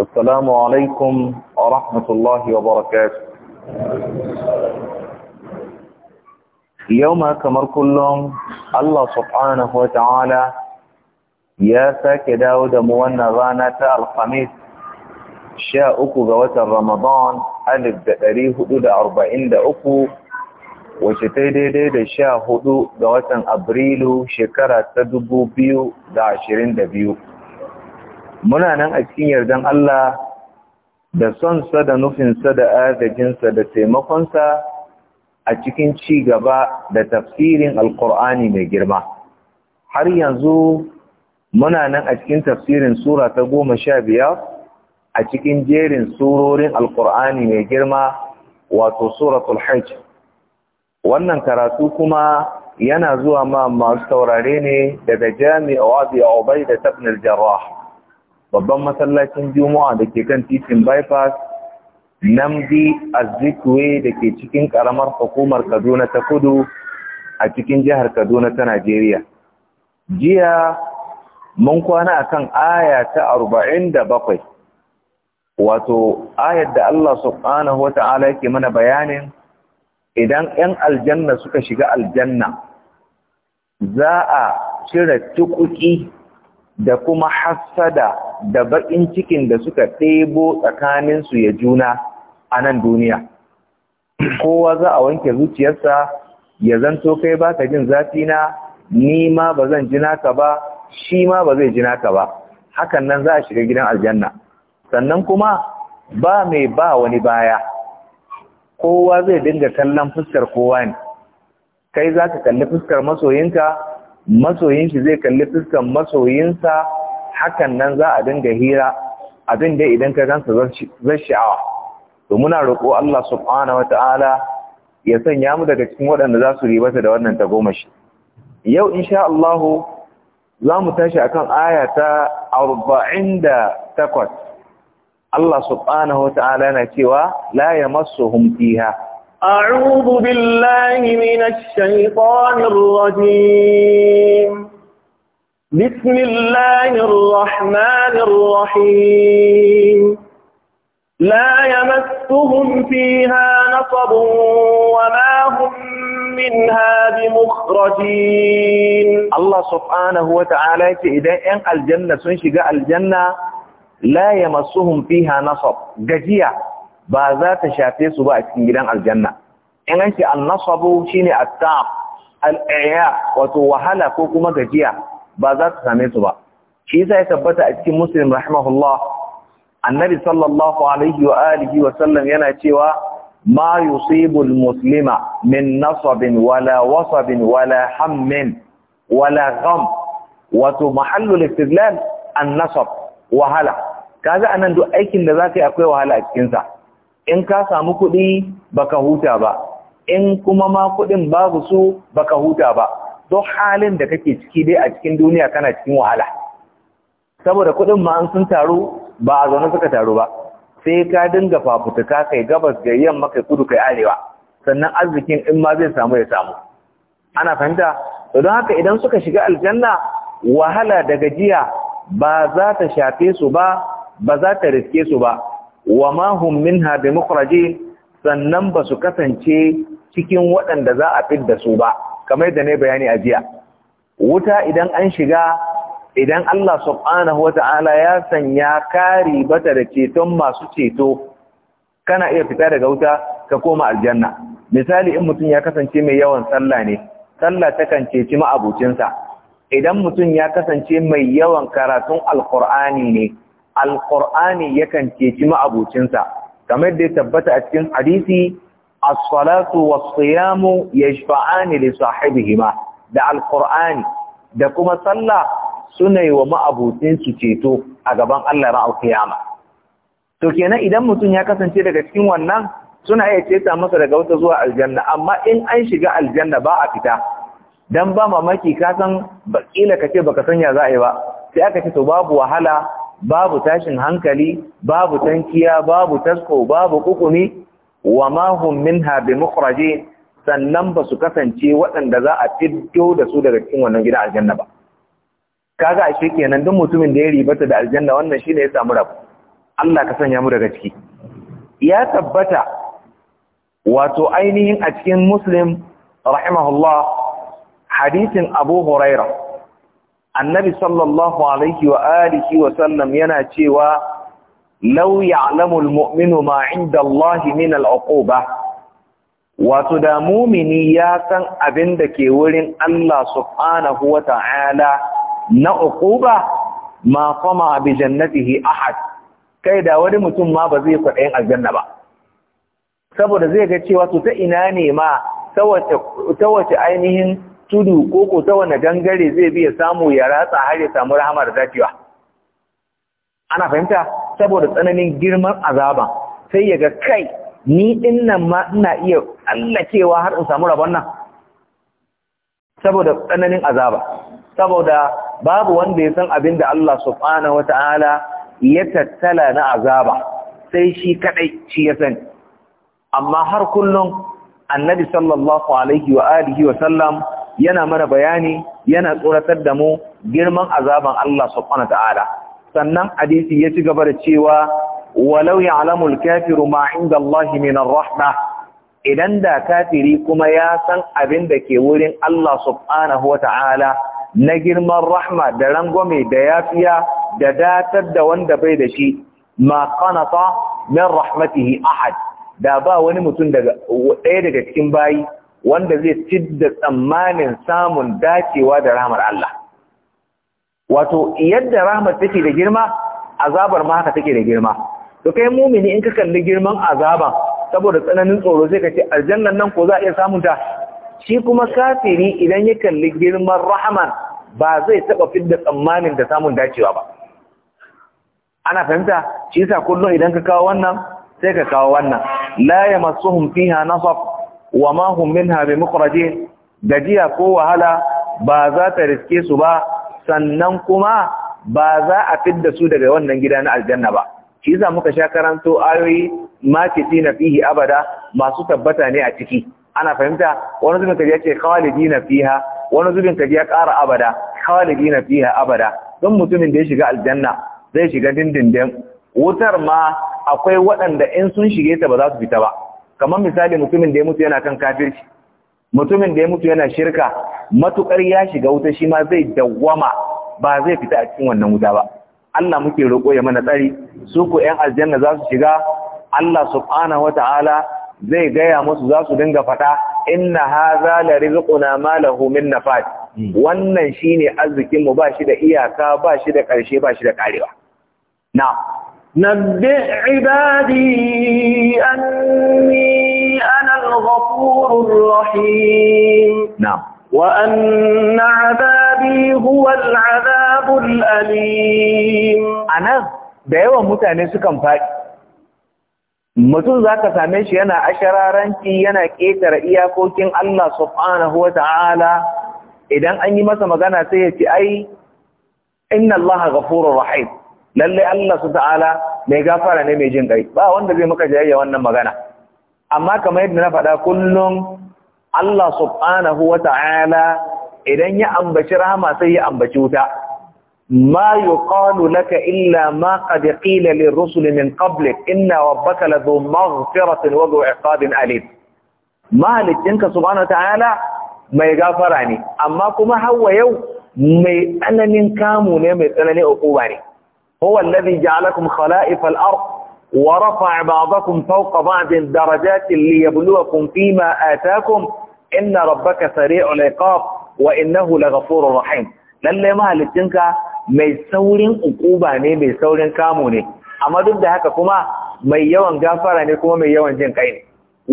السلام عليكم ورحمة الله وبركاته يوم كمر كلهم الله سبحانه وتعالى يا ساك داود موانا غانا الخميس شاء أكو غوات رمضان ألف دقري حدود أربعين دقو وشتيدي دي دي شاء حدود غوات أبريل شكرة تدبو بيو دعشرين دبيو muna nan a cikin yardan Allah da sonsa da nufinsa da agajinsa da taimakonsa a cikin ci gaba da tafsirin alkur'ani mai girma har yanzu muna nan a cikin tafsirin sura ta goma sha biyar a cikin jerin surorin alkur'ani mai girma wato suratul hajj wannan karatu kuma yana zuwa ma masu taurare ne daga jami'a wa biya obai da tabnil jarrah babban masallacin juma'a da ke kan titin bypass namdi azikwe da ke cikin karamar hukumar kaduna ta kudu a cikin jihar kaduna ta najeriya jiya mun kwana akan aya ta 47 wato ayar da Allah subhanahu wata'ala yake mana bayanin idan 'yan aljanna suka shiga aljanna za a cire tukuki da kuma hasada. da bakin cikin da suka ɗebo tsakaninsu ya juna a nan duniya kowa za a wanke zuciyarsa ya zanto kai ba ka jin zafi na ni ma ba zan jina ka ba shi ma ba zai jina ka ba hakan nan za a shiga gidan aljanna sannan kuma ba mai ba wani baya kowa zai dinga kallon fuskar kowa ne kai za ka kalli fuskar masoyinka masoyin shi zai kalli fuskar masoyinsa hakan nan za a dinga hira abin da idan ka gansa zai sha'awa to muna roƙo Allah subhanahu wata'ala ya sanya mu daga cikin waɗanda za su ribata da wannan tagomashi yau insha Allah za mu tashi akan aya ta 48 Allah subhanahu wata'ala yana cewa la yamassuhum fiha أعوذ بالله من الشيطان الرجيم بسم الله الرحمن الرحيم لا يمسهم فيها نصب وما هم منها بمخرجين الله سبحانه وتعالى إذا أن الجنة سنشق الجنة لا يمسهم فيها نصب جزية بذات شافيس وأتنجلان الجنة in أنت النصب شيني التعب الإعياء taab al-i'ya ba za su same su ba shi yasa ya tabbata a cikin muslim rahimahullah annabi sallallahu alaihi wa alihi wa sallam yana cewa ma yusibul muslima min nasabin wala wasabin wala hammin wala gham wato mahallul istidlal an-nasab wahala kaga anan duk aikin da zaka yi akwai wahala a cikin sa in ka samu kuɗi baka huta ba in kuma ma kuɗin babu su baka huta ba don halin da kake ciki dai a cikin duniya kana cikin wahala saboda kuɗin ma an sun taru ba a zaune suka taru ba sai ka dinga fafutuka kai gabas ga yamma kai kudu kai arewa sannan arzikin in ma zai samu ya samu ana fahimta don haka idan suka shiga aljanna wahala da gajiya ba za ta shafe su ba ba za ta riske su ba wa ma hum minha bi mukhrajin sannan ba su kasance cikin waɗanda za a fidda su ba kamar na ne bayani a jiya wuta idan an shiga idan Allah subhanahu wata'ala ya sanya kari bata da ceton masu ceto kana iya fita daga wuta ka koma aljanna misali in mutum ya kasance mai yawan sallah ne sallah takan ceci ma'abucinsa idan mutum ya kasance mai yawan karatun alqur'ani ne alqur'ani yakan ceci ma'abucinsa kamar da ya tabbata a cikin hadisi as-salatu was-siyamu yashfa'ani li sahibihima da al-qur'ani da kuma sallah suna yi wa ma'abutin su ceto a gaban Allah ran al to kenan idan mutum ya kasance daga cikin wannan suna iya ceta masa daga wata zuwa aljanna amma in an shiga aljanna ba a fita dan ba mamaki ka san bakila kace baka sanya za a yi ba sai aka ce to babu wahala babu tashin hankali babu tankiya babu tasko babu kukumi wa ma hum minha bi sannan ba su kasance waɗanda za a fito da su daga cikin wannan gida aljanna ba kaga ashe kenan duk mutumin da ya ribata da aljanna wannan shine ya samu rabu Allah ka sanya mu daga ciki ya tabbata wato ainihin a cikin muslim rahimahullah Hadithin abu huraira annabi sallallahu alaihi wa alihi wa sallam yana cewa lau ya'lamul mu'minu ma inda Allah min al'uquba wato da mumini ya san abin da ke wurin Allah subhanahu wa ta'ala na uquba ma fama bi jannatihi ahad kai da wani mutum ma ba zai kwaɗayin aljanna ba saboda zai ga cewa to ta ina ne ma ta wace ainihin tudu ko ko ta wani gangare zai biya samu ya ratsa har ya samu rahmar dacewa ana fahimta saboda tsananin girman azaba sai yaga kai ni din nan ma ina iya tsallakewa har in samu rabon nan saboda tsananin azaba saboda babu wanda ya san abin da Allah subhanahu wata'ala ya tattala na azaba sai shi kadai shi ya sani amma har kullum annabi sallallahu alaihi wa alihi wa sallam yana mana bayani yana tsoratar da mu girman azaban Allah subhanahu wata'ala sannan hadisi ya ci gaba da cewa walau ya al-kafiru ma inda Allah min arrahma idan da kafiri kuma ya san abin da ke wurin Allah subhanahu wa ta'ala na girman rahma da rangwame da yafiya da datar da wanda bai da shi ma qanata min rahmatihi ahad da ba wani mutum daga ɗaya daga cikin bayi wanda zai da tsammanin samun dacewa da rahmar Allah wato yadda rahmat take da girma azabar ma haka take da girma to kai mumini in ka kalli girman azaba saboda tsananin tsoro sai ka ce aljannan nan ko za a iya samun ta shi kuma kafiri idan ya kalli girman rahman ba zai taba fidda tsammanin da samun dacewa ba ana fahimta shi yasa kullum idan ka kawo wannan sai ka kawo wannan la yamassuhum fiha nasab wa ma hum minha bimukhrajin gajiya ko wahala ba za ta riske su ba sannan kuma ba za a fidda su daga wannan gida na aljanna ba shi za muka sha karanto ayoyi na fihi abada masu tabbata ne a ciki ana fahimta wani zubin kaji ya ce na fiha wani zubin kaji ya ƙara abada na fiha abada don mutumin da ya shiga aljanna zai shiga dindindin wutar ma akwai waɗanda in sun shige ta ba za su fita ba kamar misali mutumin da ya mutu yana kan kafirci mutumin da ya mutu yana shirka matukar ya shiga wuta shi ma zai dawwama ba zai fita a cikin wannan wuta ba Allah muke roƙo ya mana tsari su ku yan aljanna za su shiga Allah wa ta'ala zai gaya musu za su dinga faɗa inna za la rizquna ma lahu min nafat wannan shi ne arzikinmu ba shi da iyaka ba shi da ƙarshe ba shi da ƙarewa. na نبئ عبادي أني وأن عذابي هو العذاب الأليم أنا da yawan mutane sukan faɗi mutum za ka same shi yana ashararanci yana ƙetare iyakokin Allah subhanahu wa ta'ala idan an yi masa magana sai ya ce ai inna Allah ghafurur rahim lalle Allah su ta'ala mai gafara ne mai jin kai ba wanda zai maka jayayya wannan magana amma kamar yadda na faɗa kullum Allah subhanahu wa ta'ala idan ya ambaci rahama sai ya ambaci wuta ma yuqalu laka illa ma qad qila lirrusul min qablik inna rabbaka ladhu maghfiratin wa dhu iqabin alim malikinka subhanahu wa ta'ala mai gafara ne amma kuma hawa yau mai tsananin kamu ne mai tsananin ukuba ne huwa alladhi ja'alakum khala'if al-ard ورفع بعضكم فوق بعض الدرجات ليبلوكم فيما آتاكم inna rabbaka sari'ul iqab wa innahu laghafurur rahim lalle mahalicinka mai saurin ukuba ne mai saurin kamo ne amma duk da haka kuma mai yawan gafara ne kuma mai yawan jin kai ne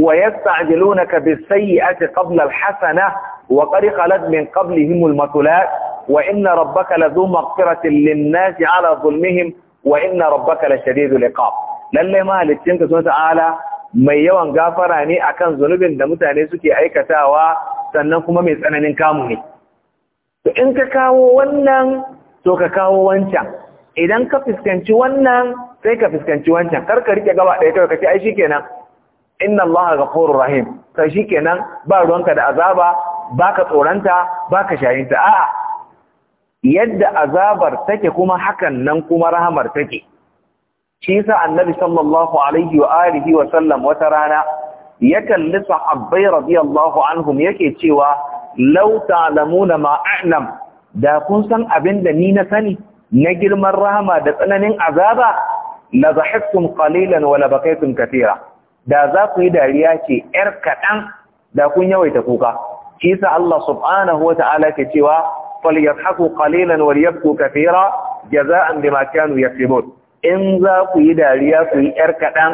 wa yasta'jilunaka bis-sayyi'ati qabla al-hasana wa qad khalat min qablihim al wa inna rabbaka ladhu maghfiratin lin-nasi 'ala dhulmihim wa inna rabbaka lashadidul iqab lalle mahalicinka subhanahu wa ta'ala mai yawan gafara ne akan zunubin da mutane suke aikatawa sannan kuma mai tsananin kamu ne to in ka kawo wannan to ka kawo wancan idan ka fuskanci wannan sai ka fuskanci wancan kar rike gaba ɗaya kawai ka ce ai shikenan inna ga ghafurur rahim shi kenan, ba ruwanka da azaba ba baka tsoranta ka shayinta a'a yadda azabar take kuma hakan nan kuma rahamar take shi yasa annabi sallallahu alaihi wa alihi wa sallam wata rana ya kalli sahabbai radiyallahu anhum yake cewa law ta'lamuna ma a'lam da kun san abin da ni na sani na girman rahama da tsananin azaba la dhahiktum qalilan wa la katira da za ku yi dariya ce yar kaɗan da kun yawaita kuka shi yasa Allah subhanahu wa ta'ala ke cewa falyadhaku qalilan wa liyabku katira jaza'an bima kanu yaksibun in za ku yi dariya ku yi ‘yar kaɗan,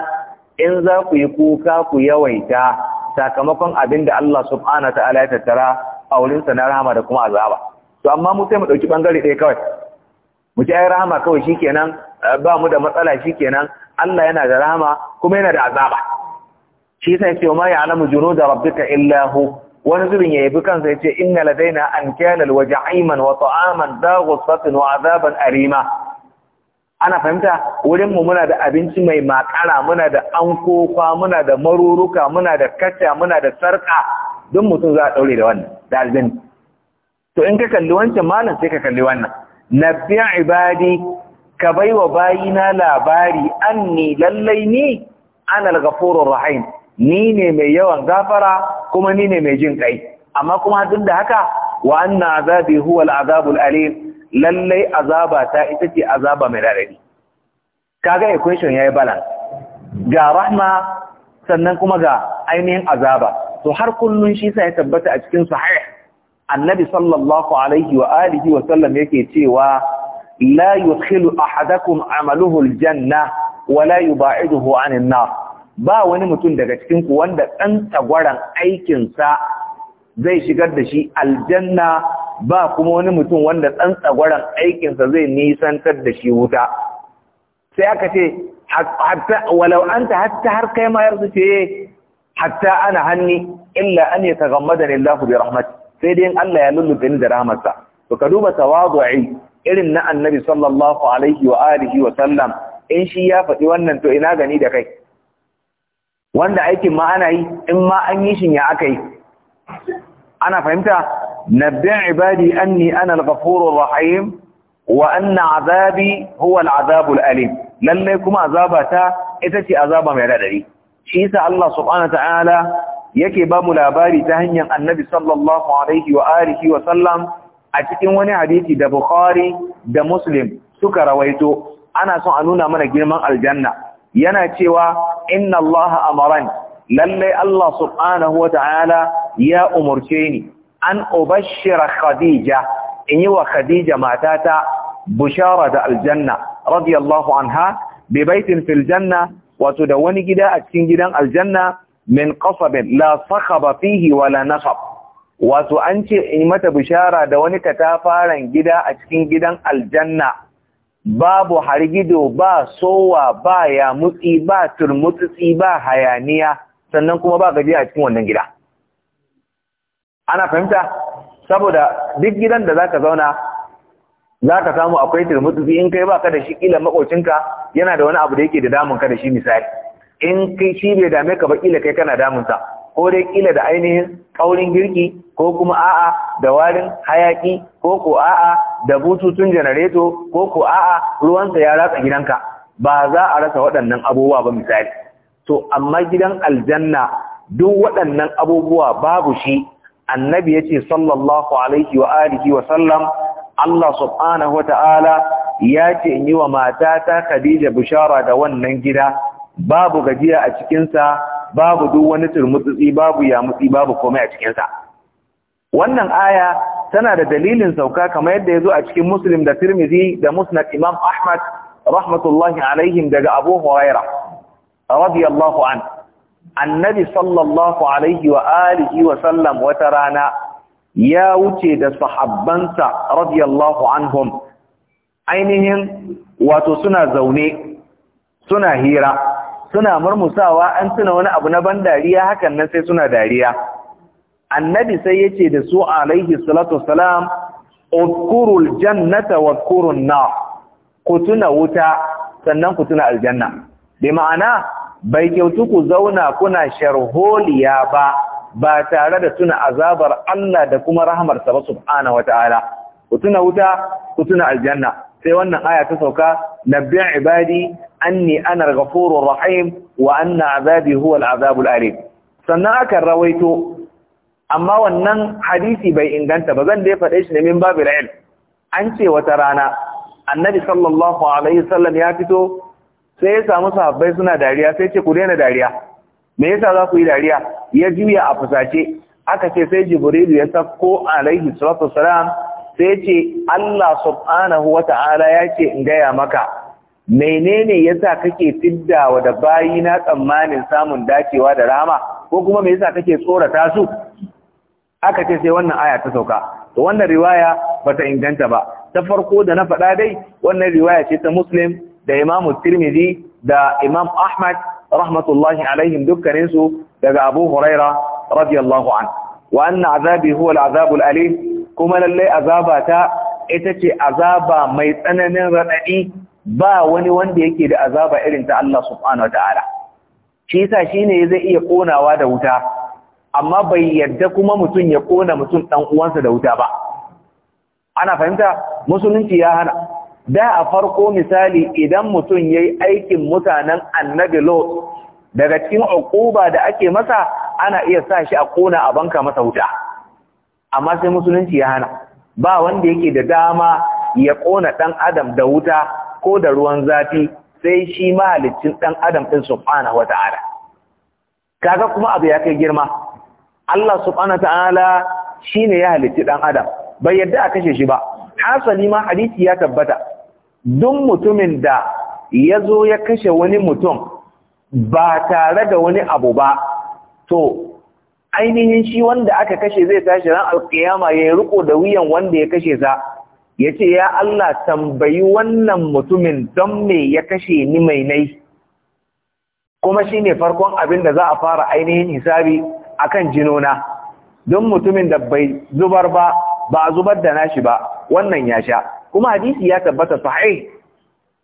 in za ku yi kuka ku yawaita sakamakon abin da Allah subhanahu ta'ala ya tattara a wurinsa na rahama da kuma azaba. To, amma mu sai mu ɗauki ɓangare ɗaya kawai, mu ci ai rahama kawai shi kenan ba mu da matsala shi kenan Allah yana da rahama kuma yana da azaba. Shi sai ce, ma ya alamu juno da rabbika illahu wani zubin ya yabi kansa ya ce, inna ladaina an kyanal wa wa ta'aman da wa azaban arima. ana fahimta wurin mu muna da abinci mai makara muna da ankokwa muna da maruruka muna da kacha muna da sarka duk mutum za a ɗaure da wannan da aljani to in ka kalli wancan malam sai ka kalli wannan nabbiya ibadi ka bai wa bayina labari anni lallai ni ana al-ghafurur rahim ni ne mai yawan gafara kuma ni ne mai jin kai amma kuma duk da haka wa anna azabi huwa al-azabul alim lallai azaba ta ita ce azaba mai raɗari kaga equation yi balance ga rahma sannan kuma ga ainihin azaba to har kullum shi sai ya tabbata a cikin sahih annabi sallallahu alaihi wa alihi wa sallam yake cewa la yudkhilu ahadakum amaluhu aljanna wa la yubaiduhu anin nar ba wani mutum daga cikin ku wanda dan tagwaran aikin zai shigar da shi aljanna ba kuma wani mutum wanda ɗan tsagwaron aikinsa zai nisantar da shi wuta sai aka ce walau an ta hatta har kai ma yarsu ce hatta ana hanni illa an ya tagammada ne lafi bi rahmat sai dai Allah ya lullufe ni da rahmatsa to ka duba tawadu'i irin na annabi sallallahu alaihi wa alihi wa sallam in shi ya faɗi wannan to ina gani da kai wanda aikin ma ana yi in ma an yi shin ya aka yi ana fahimta نبئ عبادي أني أنا الغفور الرحيم وأن عذابي هو العذاب الأليم لليكم عذابتا إتتي عذابا من الأدري شيسا الله سبحانه وتعالى yake bamu labari ta hanyar annabi sallallahu alaihi wa alihi wa sallam a cikin wani hadisi da Bukhari da Muslim suka rawaito ana son a nuna mana girman aljanna yana cewa inna Allah amaran lalle Allah subhanahu wa ta'ala ya umurce ni an ubashshira khadija in yi wa khadija matata bushara da aljanna radiyallahu anha bi baitin fil janna wato da wani gida a cikin gidan aljanna min qasabin la sakhaba fihi wala nasab wato an ce in mata bishara da wani katafaren gida a cikin gidan aljanna babu hargido ba sowa ba yamutsi ba turmutsi ba hayaniya sannan kuma ba gajiya a cikin wannan gida ana fahimta saboda duk gidan da zaka zauna zaka samu akwai turmutsi in kai baka da shi kila makocinka yana da wani abu da yake da damun ka da shi misali in kai shi bai dame ka ba kila kai kana damun sa ko dai kila da ainihin kaurin girki ko kuma a'a da warin hayaki ko ko a'a da bututun janareto ko ko a'a ruwansa ya ratsa gidanka ba za a rasa waɗannan abubuwa ba misali to amma gidan aljanna duk waɗannan abubuwa babu shi annabi ya ce sallallahu alaihi wa alihi wa sallam Allah subhanahu wata'ala ya ce in yi wa matata Khadija Bushara da wannan gida babu gajiya a cikinsa babu duk wani turmutsi babu yamutsi babu komai a cikinsa wannan aya tana da dalilin sauka kamar yadda ya zo a cikin Muslim da Tirmidhi da Musnad Imam Ahmad rahmatullahi alaihim daga Abu Huraira radiyallahu anhu annabi sallallahu alaihi wa alihi wa sallam wata rana ya wuce da sahabbansa radiyallahu anhum ainihin wato suna zaune suna hira suna murmusawa an tuna wani abu na ban dariya hakan nan sai suna dariya annabi sai yace da su alaihi salatu wassalam udkurul jannata wadkurun nar ku tuna wuta sannan ku tuna aljanna bi ma'ana bai kyautu ku zauna kuna sharholiya ba ba tare da tuna azabar Allah da kuma rahamarsa ba subhanahu wataala ku tuna wuta ku tuna aljanna sai wannan aya ta sauka nabbi ibadi anni ana ghafurur rahim wa anna azabi huwa al-azabul alim sannan aka rawaito amma wannan hadisi bai inganta ba zan da faɗa faɗe shi ne min babu ilm an ce wata rana annabi sallallahu alaihi wasallam ya fito sai ya samu sahabbai suna dariya sai ce ku daina dariya me yasa za ku yi dariya ya juya a fusace aka ce sai Jibril ya sako alaihi salatu salam sai ce Allah subhanahu wata'ala ya ce in gaya maka menene yasa kake tiddawa da bayi na tsammanin samun dacewa da rama ko kuma me yasa kake tsorata su aka ce sai wannan aya ta sauka to wannan riwaya bata inganta ba ta farko da na faɗa dai wannan riwaya ce ta muslim da imamu tirmidhi da imam ahmad rahmatullahi alaihim dukkaninsu daga abu huraira radiyallahu an wa anna azabi huwa al'azabul alim kuma lallai azabata ita ce azaba mai tsananin radadi ba wani wanda yake da azaba irin ta Allah subhanahu wataala shi yasa shine zai iya konawa da wuta amma bai yadda kuma mutum ya kona mutum dan uwansa da wuta ba ana fahimta musulunci ya hana da a farko misali idan mutum ya yi aikin mutanen annabi lot daga cikin uquba da ake masa ana iya sa shi a kona a banka masa wuta amma sai musulunci ya hana ba wanda yake da dama ya kona dan adam da wuta ko da ruwan zafi sai shi mahaliccin dan adam din subhanahu wata'ala kaga kuma abu ya kai girma Allah subhanahu wata'ala shine ya halicci dan adam bai yadda a kashe shi ba hasali ma hadisi ya tabbata duk mutumin da ya zo ya kashe wani mutum ba tare da wani abu ba to ainihin shi wanda aka kashe zai tashi ran alƙiyama ya riko da wuyan wanda ya kashe sa ya ce ya Allah tambayi wannan mutumin don me ya kashe ni mai nai kuma shi ne farkon abin da za a fara ainihin hisabi a akan jinona don mutumin da bai zubar ba ba a zubar da nashi ba wannan ya sha kuma hadisi ya tabbata sahih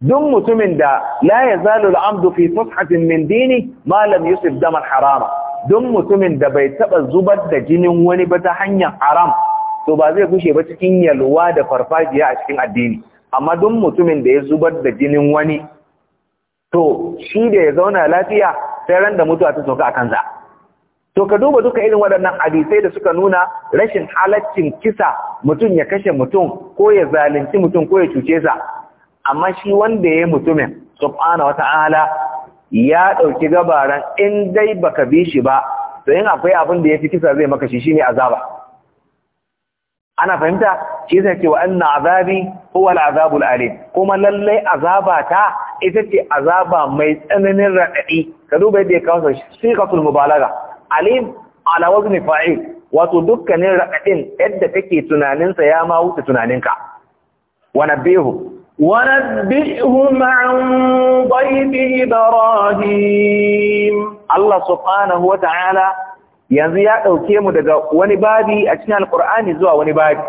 duk mutumin da la yazalu al-amdu fi fushatin min dini ma lam yusif daman harama duk mutumin da bai taba zubar da jinin wani ba ta hanyar haram to ba zai gushe ba cikin yalwa da farfajiya a cikin addini amma duk mutumin da ya zubar da jinin wani to shi da ya zauna lafiya sai ran da mutuwa ta sauka a kansa To ka duba duka irin waɗannan hadisai da suka nuna rashin halaccin kisa mutum ya kashe mutum ko ya zalunci mutum ko ya cuce sa. Amma shi wanda ya mutumin, Subhana wa ta'ala, ya ɗauki gabaran in dai baka bi shi ba, to yin akwai abin da ya fi kisa zai maka shi shi ne azaba. Ana fahimta, shi yasa ce wa anna azabi huwa al'azabul alim, kuma lallai azaba ta ita ce azaba mai tsananin raɗaɗi, ka duba yadda ya kawo siqatul mubalaga. alim ala wazni fa'il wato dukkanin raɗaɗin yadda kake tunaninsa ya ma wuce tunaninka wa nabbihu wa an dhayfi ibrahim Allah subhanahu wa ta'ala yanzu ya dauke mu daga wani babi a cikin alqur'ani zuwa wani babi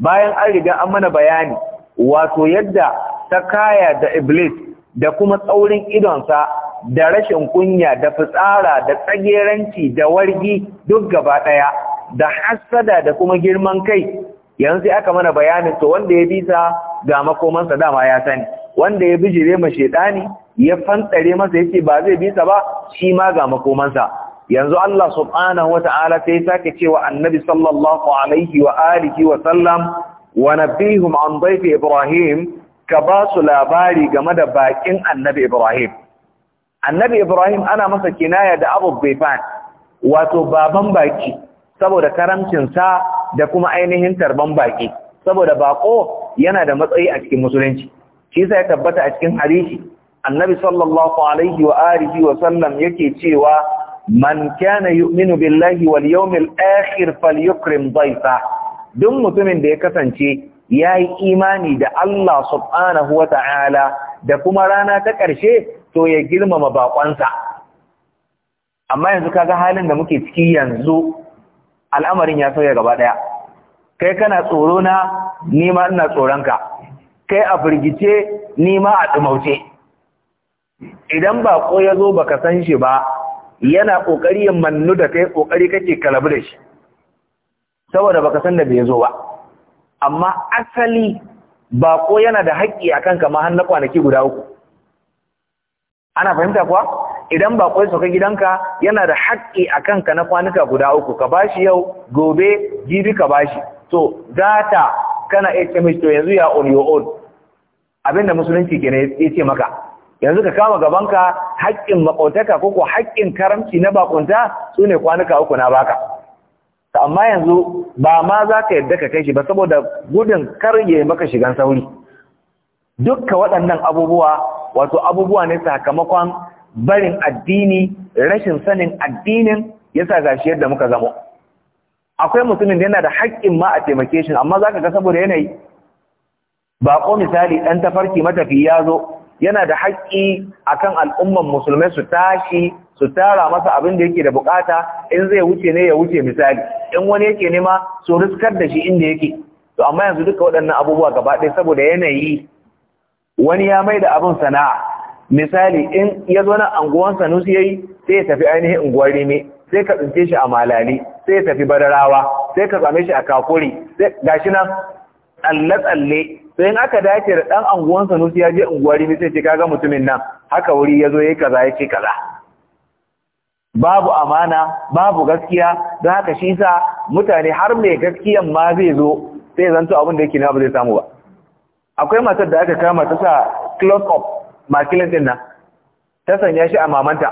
bayan an riga an mana bayani wato yadda ta kaya da iblis da kuma tsaurin idonsa da rashin kunya da fitsara da tsageranci da wargi duk gaba ɗaya da hassada da kuma girman kai yanzu sai aka mana bayanin to wanda ya bisa ga makomansa dama ya sani wanda ya bijire ma shedani ya fantsare masa yace ba zai bisa ba shi ma ga makomansa yanzu Allah subhanahu wataala sai sake cewa annabi sallallahu alaihi wa alihi wa sallam wa nabihum an dayfi ibrahim ka ba su labari game da bakin annabi ibrahim annabi ibrahim ana masa kinaya da abu baifan wato baban baki saboda karamcinsa da kuma ainihin tarban baki saboda bako yana da matsayi a cikin musulunci shi sai ya tabbata a cikin hadisi annabi sallallahu alaihi wa alihi wa sallam yake cewa man kana yu'minu billahi wal yawmil akhir falyukrim dhayfa duk mutumin da ya kasance yayi imani da Allah subhanahu wa ta'ala da kuma rana ta ƙarshe to ya girmama bakonsa amma yanzu kaga halin da muke ciki yanzu al'amarin ya sauya gaba ɗaya. kai kana tsoro na nima ina tsoronka kai a firgice nima a dumauce idan bako ya zo baka san shi ba yana kokari mannu da kai kokari kake kalabu da shi saboda baka san da bai zo ba amma asali bako yana da haƙƙi akan kama har na kwanaki guda uku ana fahimta kuwa idan bakwai suka gidanka yana da haƙƙi a kanka na kwanuka guda uku ka bashi yau gobe jibi ka bashi to data kana iya ce mishi to yanzu ya on your own abinda musulunci ke ya ce maka yanzu ka kama gabanka haƙƙin maƙotaka ko haƙƙin karamci na bakunta su ne kwanuka uku na baka ta amma yanzu ba ma za ka yadda ka kai shi ba saboda gudun kar ya maka shigan sauri dukka waɗannan abubuwa wato abubuwa ne sakamakon barin addini rashin sanin addinin yasa gashi yadda muka zamo akwai mutumin da yana da haƙƙin ma a taimake shi amma zaka ga saboda yanayi ko misali dan tafarki matafi ya zo yana da haƙƙi akan al'umman musulmai su tashi su tara masa abin da yake da bukata in zai wuce ne ya wuce misali in wani yake nema su riskar da shi inda yake to amma yanzu duka waɗannan abubuwa gaba ɗaya saboda yanayi wani ya mai da abin sana'a misali in ya zo na anguwan sanusi yayi sai ya tafi ainihin unguwar rime sai ka tsince shi a malali sai ya tafi badarawa sai ka tsame shi a kakuri sai gashi nan tsalle tsalle sai in aka dace da ɗan anguwan sanusi ya je unguwar rime sai ce kaga mutumin nan haka wuri ya zo yayi kaza ya ce kaza babu amana babu gaskiya don haka shi sa mutane har mai gaskiyan ma zai zo sai zanto abin da yake na ba zai samu ba akwai matar da aka kama ta sa close up makilin din nan ta sanya shi a mamanta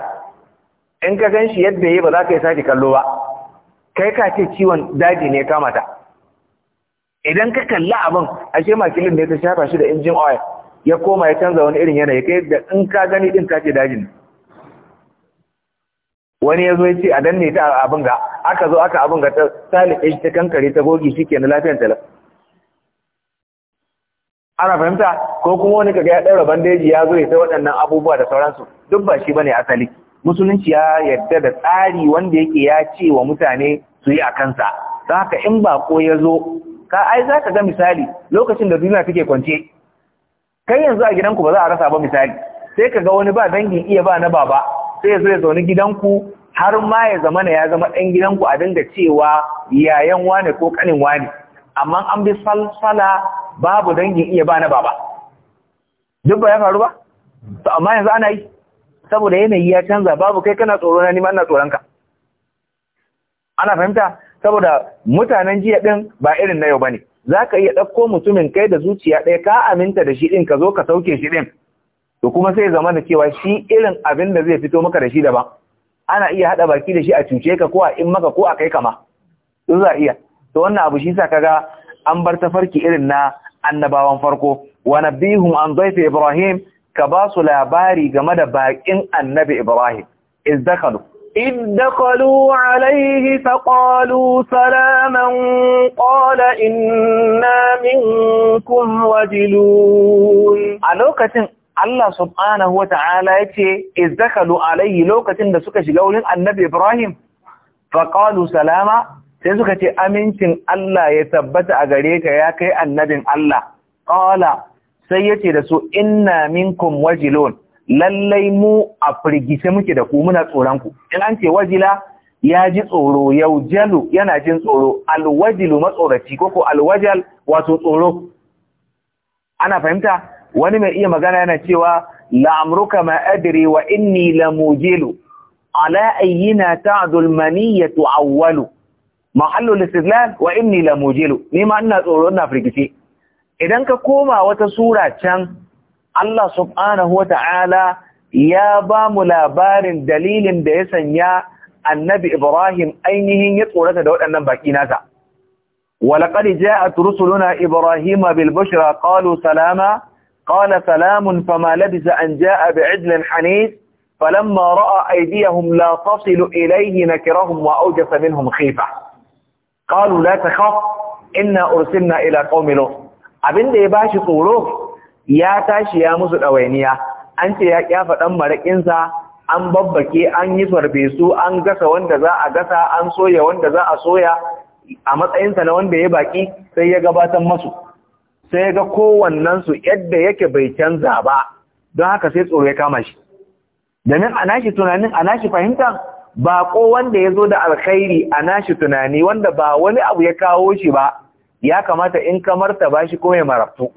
in ka gan shi yadda yi ba za ka yi sake kallo ba kai ka ce ciwon daji ne kama ta idan ka kalla abin ashe makilin ne ta shafa shi da injin oil ya koma ya canza wani irin yanayi kai da in ka gani din ka ce dajin wani ya zo ya ce a danne ta abin ga aka zo aka abin ga ta salin ta kankare ta gogi shi ke na lafiyar talaka ana fahimta ko kuma wani kaga ya ɗaura bandeji ya zo ya sai waɗannan abubuwa da sauransu duk ba shi ne asali musulunci ya yarda da tsari wanda yake ya ce wa mutane su yi a kansa don haka in bako ya zo ka ai za ka ga misali lokacin da duniya take kwance kai yanzu a gidanku ba za a rasa ba misali sai ka ga wani ba dangin iya ba na baba sai ya zo ya zaune gidanku har ma ya zama na ya zama ɗan gidanku a dinga cewa yayan wane ko kanin wane amma an bi salsala babu dangin iya ba na baba duk ba ya faru ba to amma yanzu ana yi saboda yanayi ya canza babu kai kana tsoro na nima ina tsoronka. ana fahimta saboda mutanen jiya din ba irin na yau ba ne. Za ka iya ɗauko mutumin kai da zuciya ɗaya ka aminta da shi ɗin ka zo ka sauke shi ɗin to kuma sai zama da cewa shi irin abin da zai fito maka da shi daban ana iya haɗa baki da shi a cuce ka ko a in maka ko a kai kama Duk za iya to wannan abu shi sa kaga an bar tafarki irin na annabawan farko wa nabihun an zaifi ibrahim ka ba su labari game da baƙin annabi ibrahim izdakalu izdakalu alaihi faƙalu salaman ƙola inna minkum wajilun a lokacin Allah subhanahu wa ta’ala ya ce, Izzakalu alayhi lokacin da suka shiga wurin annabi Ibrahim, faƙalu salama sai suka ce amincin Allah ya tabbata a gare ka ya kai annabin Allah Ƙala, sai yace da su inna minkum wajilon lallai mu a firgice muke da ku muna tsoron ku in an ce wajila ya ji tsoro yau jalu yana jin tsoro alwajilu matsoraci ko alwajal wato tsoro ana fahimta wani mai iya magana yana cewa la'amruka ma adri wa inni lamujilu ala ayyina ta'dul maniyatu awwalu mahallul istidlal wa inni la mujilu ni ma ina tsoro ina firgice idan ka koma wata sura can Allah subhanahu wata'ala ya ba mu labarin dalilin da ya sanya annabi Ibrahim ainihin ya tsorata da waɗannan baki nasa ولقد جاءت رسلنا إبراهيم بالبشرى قالوا سلاما قال سلام فما لبث أن جاء بعجل حنيف فلما رأى أيديهم لا تصل إليه نكرهم وأوجس منهم خيفة qalu la takhaf inna ursilna ila qaumi abin da ya bashi tsoro ya tashi ya musu ɗawainiya an ce ya kyafa ɗan maraƙinsa an babbake an yi farfesu an gasa wanda za a gasa an soya wanda za a soya a matsayinsa na wanda ya baƙi sai ya gabatar musu sai ga kowannensu yadda yake bai canza ba don haka sai tsoro ya kama shi domin a nashi tunanin a nashi fahimtar baƙo wanda ya zo da alkhairi a nashi tunani wanda ba wani abu ya kawo shi ba ya kamata in kamarta martaba shi ko ya marabtu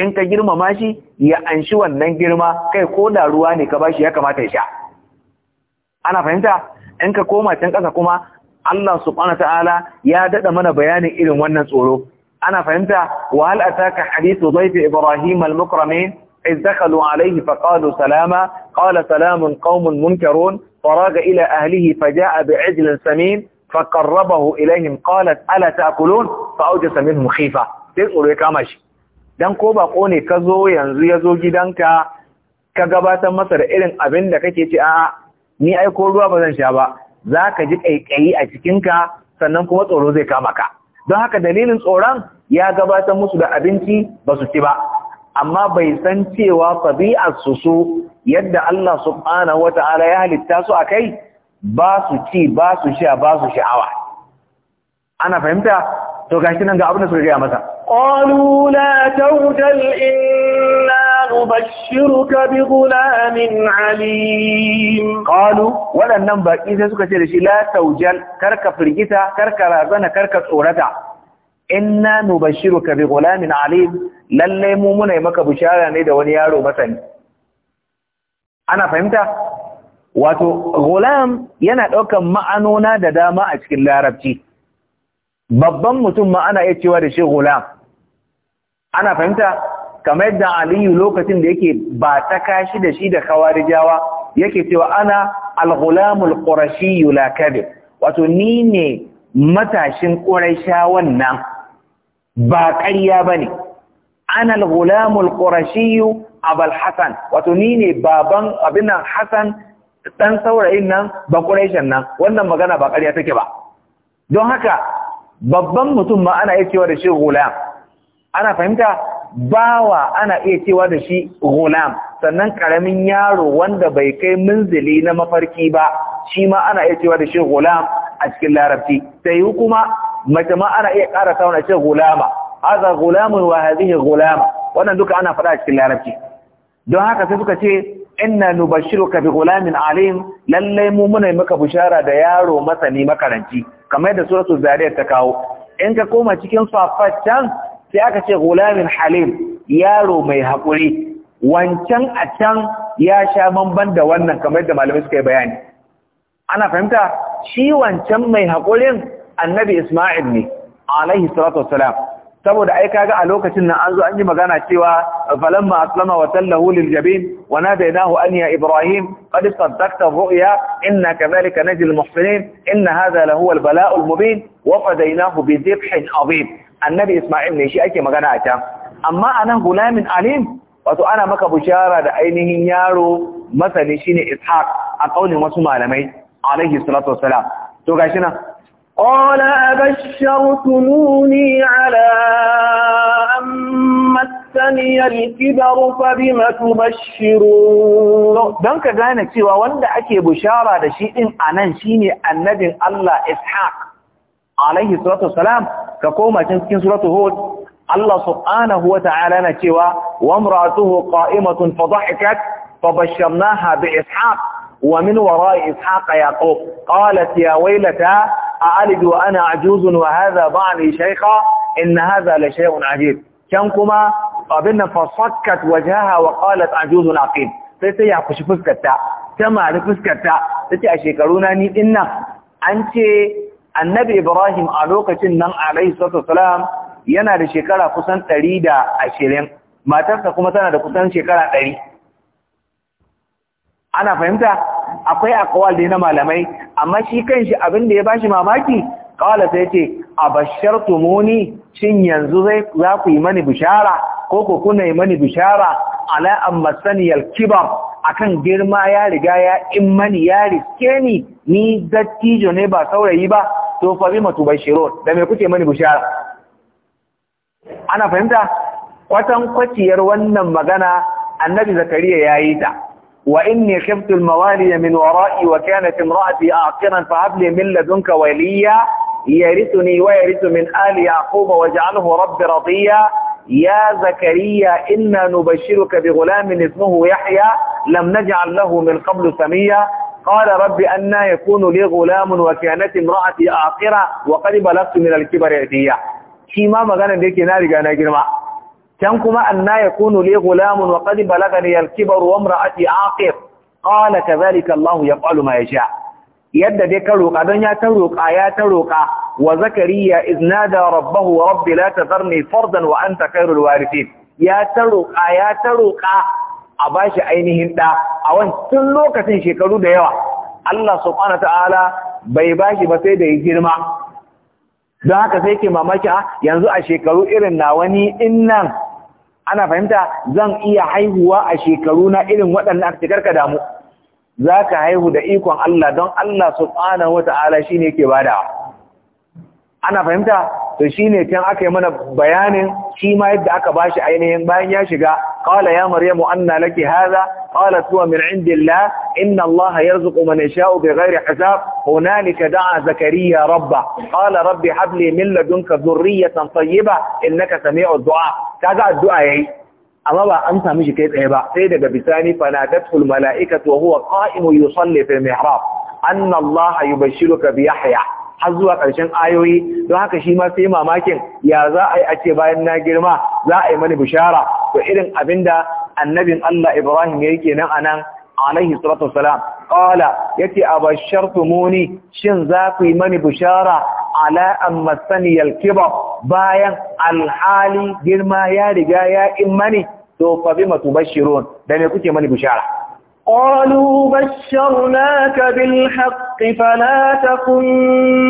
in ka girmama shi ya anshi wannan girma kai ko da ruwa ne ka bashi ya kamata ya sha ana fahimta in ka koma can ƙasa kuma Allah subhanahu ta'ala ya dada mana bayanin irin wannan tsoro ana fahimta wa hal ataka hadithu dhayf ibrahim al-mukramin إذ دخلوا عليه فقالوا سلاما قال سلام قوم منكرون ga فراغ إلى أهله فجاء بعجل سمين فقربه إليهم قالت ألا تأكلون sai tsoro ya kama shi. dan ko bako ne ka zo yanzu ya zo gidanka ka gabatar masa da irin abin da kake ci a'a ni ai ko ruwa ba zan sha ba za ka ji ƙaiƙayi a cikinka sannan kuma tsoro zai kama ka don haka dalilin tsoron ya gabatar musu da abinci ba su ci ba amma bai san cewa tabi'arsu su yadda Allah subhanahu wata'ala ya halitta su akai ba su ci ba su sha ba su sha'awa ana fahimta to gashi nan ga abin da suka gaya masa qalu la tawjal inna nubashshiruka bi ghulamin alim qalu wadannan baki sai suka ce da shi la tawjal karka firgita karka razana karka tsorata inna nubashiruka bi gulamin alim lalle mu muna maka bishara ne da wani yaro masani ana fahimta wato "Gulam" yana daukan ma'anona da dama a cikin larabci babban mutum ma'ana ana iya cewa da shi gulam. ana fahimta kamar yadda aliyu lokacin da yake ba ta kashi da shi da kawarijawa yake cewa ana al-ghulamul qurashi la wato ni ne matashin quraisha nan". ba ƙarya ba ne ana al’ulamul ƙorashiyu qurashiyyu abul wato ni ne baban abin nan ɗan ɗan saurayin nan ba quraishan nan wannan magana ba ƙarya take ba don haka babban mutum ma ana iya cewa da shi gulam, ana fahimta bawa ana iya cewa da shi gulam, sannan ƙaramin yaro wanda bai kai minzili na mafarki ba shi ma ana iya cewa da shi gulam a cikin larabci sai kuma mace ma ana iya ƙara sauna ce gulama haza gulamun wa hazihi gulama wannan duka ana faɗa cikin larabci don haka sai suka ce inna ka bi gulamin alim lallai mu muna maka bushara da yaro masani makaranci kamar yadda suratul zariya ta kawo in ka koma cikin fafaccen, sai aka ce gulamin halim yaro mai haƙuri wancan a can ya sha bamban da wannan kamar yadda malamai suka yi bayani ana fahimta shi wancan mai haƙurin annabi Ismail ne alaihi salatu wassalam saboda ai kaga a lokacin nan an zo an yi magana cewa falamma aslama wa tallahu lil jabin wa nadaynahu an ya ibrahim qad saddaqta ru'ya inna kadhalika najzi muhsinin inna hadha la huwa al bala'u al mubin wa fadaynahu bi dhibhin adhim annabi isma'il ne shi ake magana a can amma anan gulamin alim wato ana maka bishara da ainihin yaro masani shine ishaq a kaunin wasu malamai alaihi salatu wassalam to gashi nan قال أبشرتموني على أن مسني الكبر فبم تبشرون don ka gane cewa wanda ake bushara da shi ɗin anan shine annabin Allah Ishaq alaihi salatu wassalam ka koma cikin suratu Hud Allah subhanahu wa ta'ala na cewa wa imra'atuhu qa'imatun fadhahikat fabashsharnaha bi ishak wa min wara'i Ishaq yaqub qalat ya waylata أعالج وأنا عجوز وهذا ضعني شيخا إن هذا لشيء عجيب كان كما أبنا فصكت وجهها وقالت عجوز عقيم فسيح كشي فسكتا كما لفسكتا تتي أشيكرونا ني أنت annabi Ibrahim a lokacin nan alaihi salatu salam yana da shekara kusan ɗari da ashirin, matarsa kuma tana da kusan shekara ɗari. ana fahimta akwai akwal da na malamai amma shi kanshi abin da ya bashi mamaki kawala sai ce a bashar tumoni, cin yanzu za ku yi mani bishara ko ku kuna yi mani bishara ala'an an masaniyar kibar akan girma ya riga ya in mani ya riske ni ni dattijo ne ba saurayi ba to fari matu matu shiro. da mai kuke mani bishara ana fahimta kwatankwaciyar wannan magana annabi zakariya ya yi ta وإني خفت الموالي من ورائي وكانت امرأتي أعقرا فهب لي من لدنك وليا يرثني ويرث من آل يعقوب واجعله رب رضيا يا زكريا إنا نبشرك بغلام اسمه يحيى لم نجعل له من قبل سميا قال رب أنا يكون لي غلام وكانت امرأتي أعقرة وقد بلغت من الكبر عتيا شي ما مغانا ديكي ناري غانا جرما can kuma anna yakunu li ghulamun wa qad balagani al wa imra'ati aqir qala kadhalika Allah yaf'alu ma yasha yadda dai ka roka don ya ta roka ya ta roka wa zakariya iznada rabbahu rabbi la tadharni fardan wa anta khairul warithin ya ta roka ya ta roka a bashi ainihin da a wancan lokacin shekaru da yawa Allah subhanahu ta'ala bai bashi ba sai da ya girma don haka sai ke mamaki ah, yanzu a shekaru irin na wani in nan ana fahimta zan iya haihuwa a shekaru na irin waɗannan aka ka damu za ka haihu da ikon Allah don Allah subhanahu wa ta'ala shi ne ke bada ana fahimta to shine kan aka yi mana bayanin shi ma yadda aka bashi ainihin bayan ya shiga qala ya maryamu anna laki hadha qalat huwa min indillah inna allaha yarzuqu man yasha'u bighairi hisab hunalika da'a zakariya rabba qala rabbi habli min ladunka dhurriyatan tayyiba innaka sami'u du'a kaga addu'a yayi amma ba an samu shi kai tsaye ba sai daga bisani fanadatul mala'ikatu wa huwa qa'imu yusalli fil mihrab anna allaha yubashshiruka bi yahya har zuwa ƙarshen ayoyi don haka shi ma sai mamakin ya za a yi a ce bayan na girma za a yi mani bishara to irin abin da annabin Allah Ibrahim ya yi kenan a nan alaihi salatu wasalam qala yace abashartumuni shin za ku yi mani bishara ala an masani al bayan alhali girma ya riga ya in mani to fa bima tubashirun da me kuke mani bishara قالوا بشرناك بالحق فلا تكن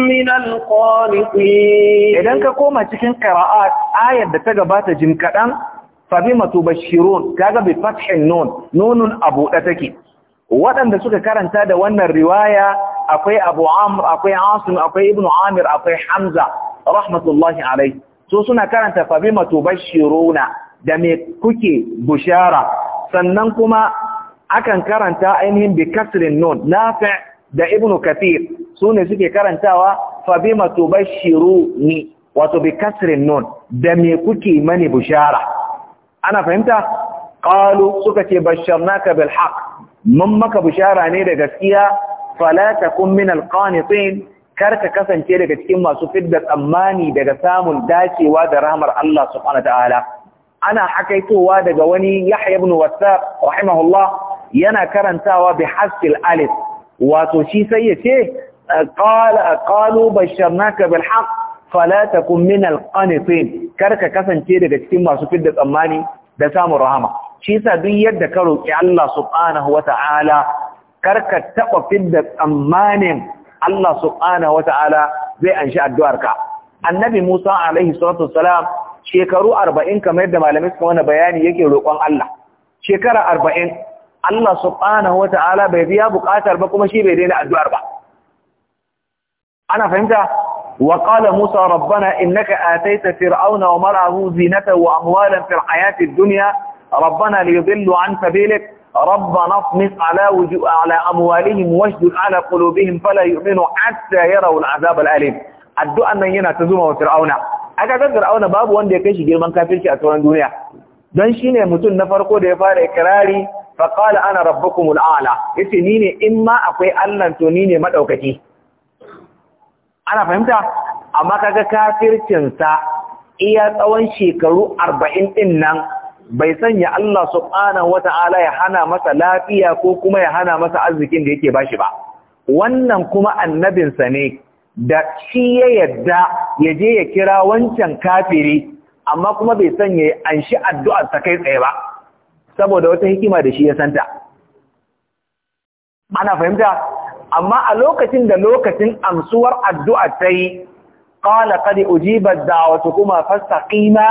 من القانطين idan ka koma cikin qira'at ayar da ta gabata jim kadan fabima tubashirun kaga bi fathin nun nunun abu da take waɗanda suka karanta da wannan riwaya akwai Abu akwai Asim akwai Ibn Amir akwai Hamza rahmatullahi alaihi so suna karanta fabima tubashiruna da me kuke bushara sannan kuma akan karanta ainihin bi kasrin nun nafi' da ibnu kathir sune suke karantawa fa bima tubashshiruni wato bi kasrin nun da me kuke mani bushara ana fahimta qalu suka ce basharnaka bil haqq mun maka bushara ne da gaskiya fala takun min al qanitin kar ka kasance daga cikin masu fidda tsammani daga samun dacewa da rahmar Allah subhanahu wa ta'ala ana hakaitowa daga wani Yahya ibn Wasaq rahimahullah yana karantawa bi hasil alif wato shi sai ya ce qalu basharnaka bil haqq fala takun min karka kasance daga cikin masu fidda tsammani da samun rahama shi sa duk yadda ka roki Allah subhanahu wata'ala karka taɓa fidda tsammanin Allah subhanahu wata'ala zai anshi addu'arka annabi Musa alaihi salatu salam shekaru arba'in kamar yadda malamai suka wani bayani yake roƙon Allah shekara arba'in. Allah subhanahu wata'ala bai biya bukatar ba kuma shi bai daina addu'ar ba ana fahimta wa qala Musa rabbana innaka ataita fir'auna wa mar'ahu zinatan wa amwalan fil hayati ad-dunya rabbana liyudillu an sabilik ربنا اطمس على وجو... على اموالهم واشدد على قلوبهم فلا يؤمنوا حتى يروا العذاب الالم addu'an nan yana ta zuma wa fir'auna aka ga fir'auna babu wanda ya kai shi girman kafirci a sauran duniya don shine mutum na farko da ya fara ikrari faƙala ana rabbakumul ala yace ni ne in ma akwai Allah to ni ne maɗaukaki ana fahimta amma kaga kafircinsa, kafircinsa iya tsawon shekaru arba'in din nan bai sanya Allah subhanahu Ta'ala ya hana masa lafiya ko kuma ya hana masa arzikin da yake bashi ba wannan kuma annabinsa ne da shi ya yadda ya je ya kira wancan kafiri amma kuma bai sanya an shi addu'ar ta kai tsaye ba saboda wata hikima da shi ya santa ana fahimta amma a lokacin da lokacin amsuwar addu'a ta yi qala qad ujibat da'watukuma fastaqima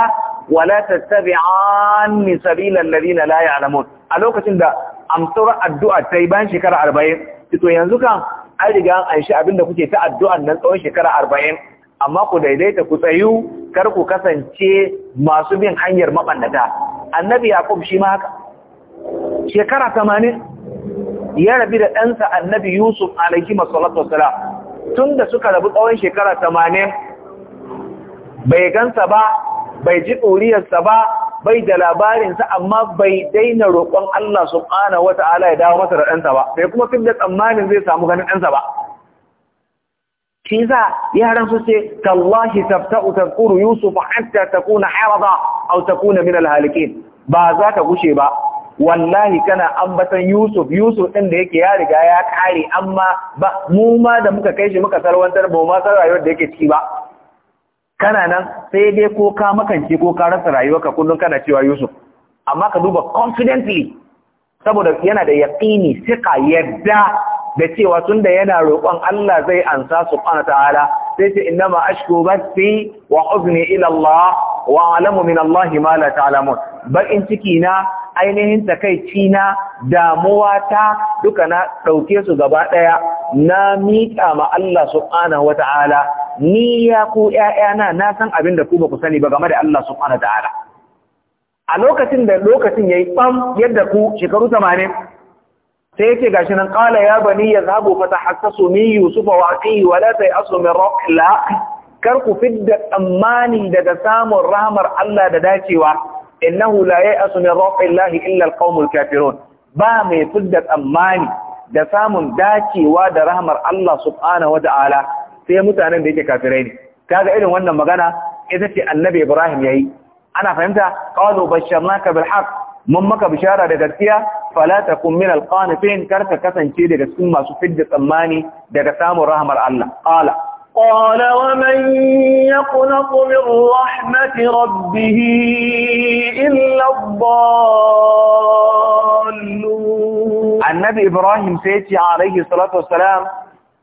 wa an tattabi'an sabilal ladina la ya'lamun a lokacin da amsuwar addu'a ta yi bayan shekara arba'in, to yanzu kan an riga an aishi abinda kuke ta addu'an nan tsawon shekara arba'in. amma ku daidaita ku tsayu kar ku kasance masu bin hanyar mabannata annabi yaqub shi ma haka shekara tamanin ya rabi da ɗansa annabi yusuf alaihi masalatu wasala tun da suka rabu tsawon shekara tamanin bai gansa ba bai ji ɗuriyarsa ba bai da labarinsa amma bai daina roƙon Allah subhanahu wata'ala ya dawo masa da ɗansa ba bai kuma fi da tsammanin zai samu ganin ɗansa ba shi za yaran su ce tallahi tabta'u tadhkuru yusuf hatta takuna harada aw takuna min alhalikin ba za ka gushe ba wallahi kana ambatan Yusuf Yusuf ɗin da yake ya riga ya kare amma ba mu ma da muka kai shi muka salwantar ba ma san rayuwar da yake ciki ba kana nan sai dai ko ka makance ko ka rasa rayuwarka kullun kana cewa Yusuf amma ka duba confidently saboda yana da yaqini sika yadda da cewa tunda yana roƙon Allah zai ansa subhanahu ta'ala sai ce innama ashku bathi wa uzni ila Allah wa alamu min Allah ma la ta'lamun bakin ciki na ainihin takaici na damuwa ta duka na ɗauke su gaba ɗaya na miƙa ma Allah subhanahu wata'ala ni ya ku ƴaƴana na san abin da ku ba ku sani ba game da Allah subhanahu wata'ala a lokacin da lokacin yayi bam yadda ku shekaru 80 sai yake gashi nan qala ya bani yazhabu fatahassasu min yusufa wa aqi wa la ta'asu min kar ku fidda tsammani daga samun rahmar Allah da dacewa innahu la ya'asu min rafillahi illa alqaumul kafirun ba mai fidda tsammani da samun dacewa da rahmar Allah subhanahu wata'ala sai mutanen da yake kafirai ne kaga irin wannan magana ita ce annabi Ibrahim yayi ana fahimta qalu basharnaka bil haqq mun maka bishara da gaskiya fala takun min alqanitin karka kasance daga cikin masu fidda tsammani daga samun rahmar Allah qala قال ومن يقنط من رحمة ربه إلا الضالون النبي إبراهيم سيتي عليه الصلاة والسلام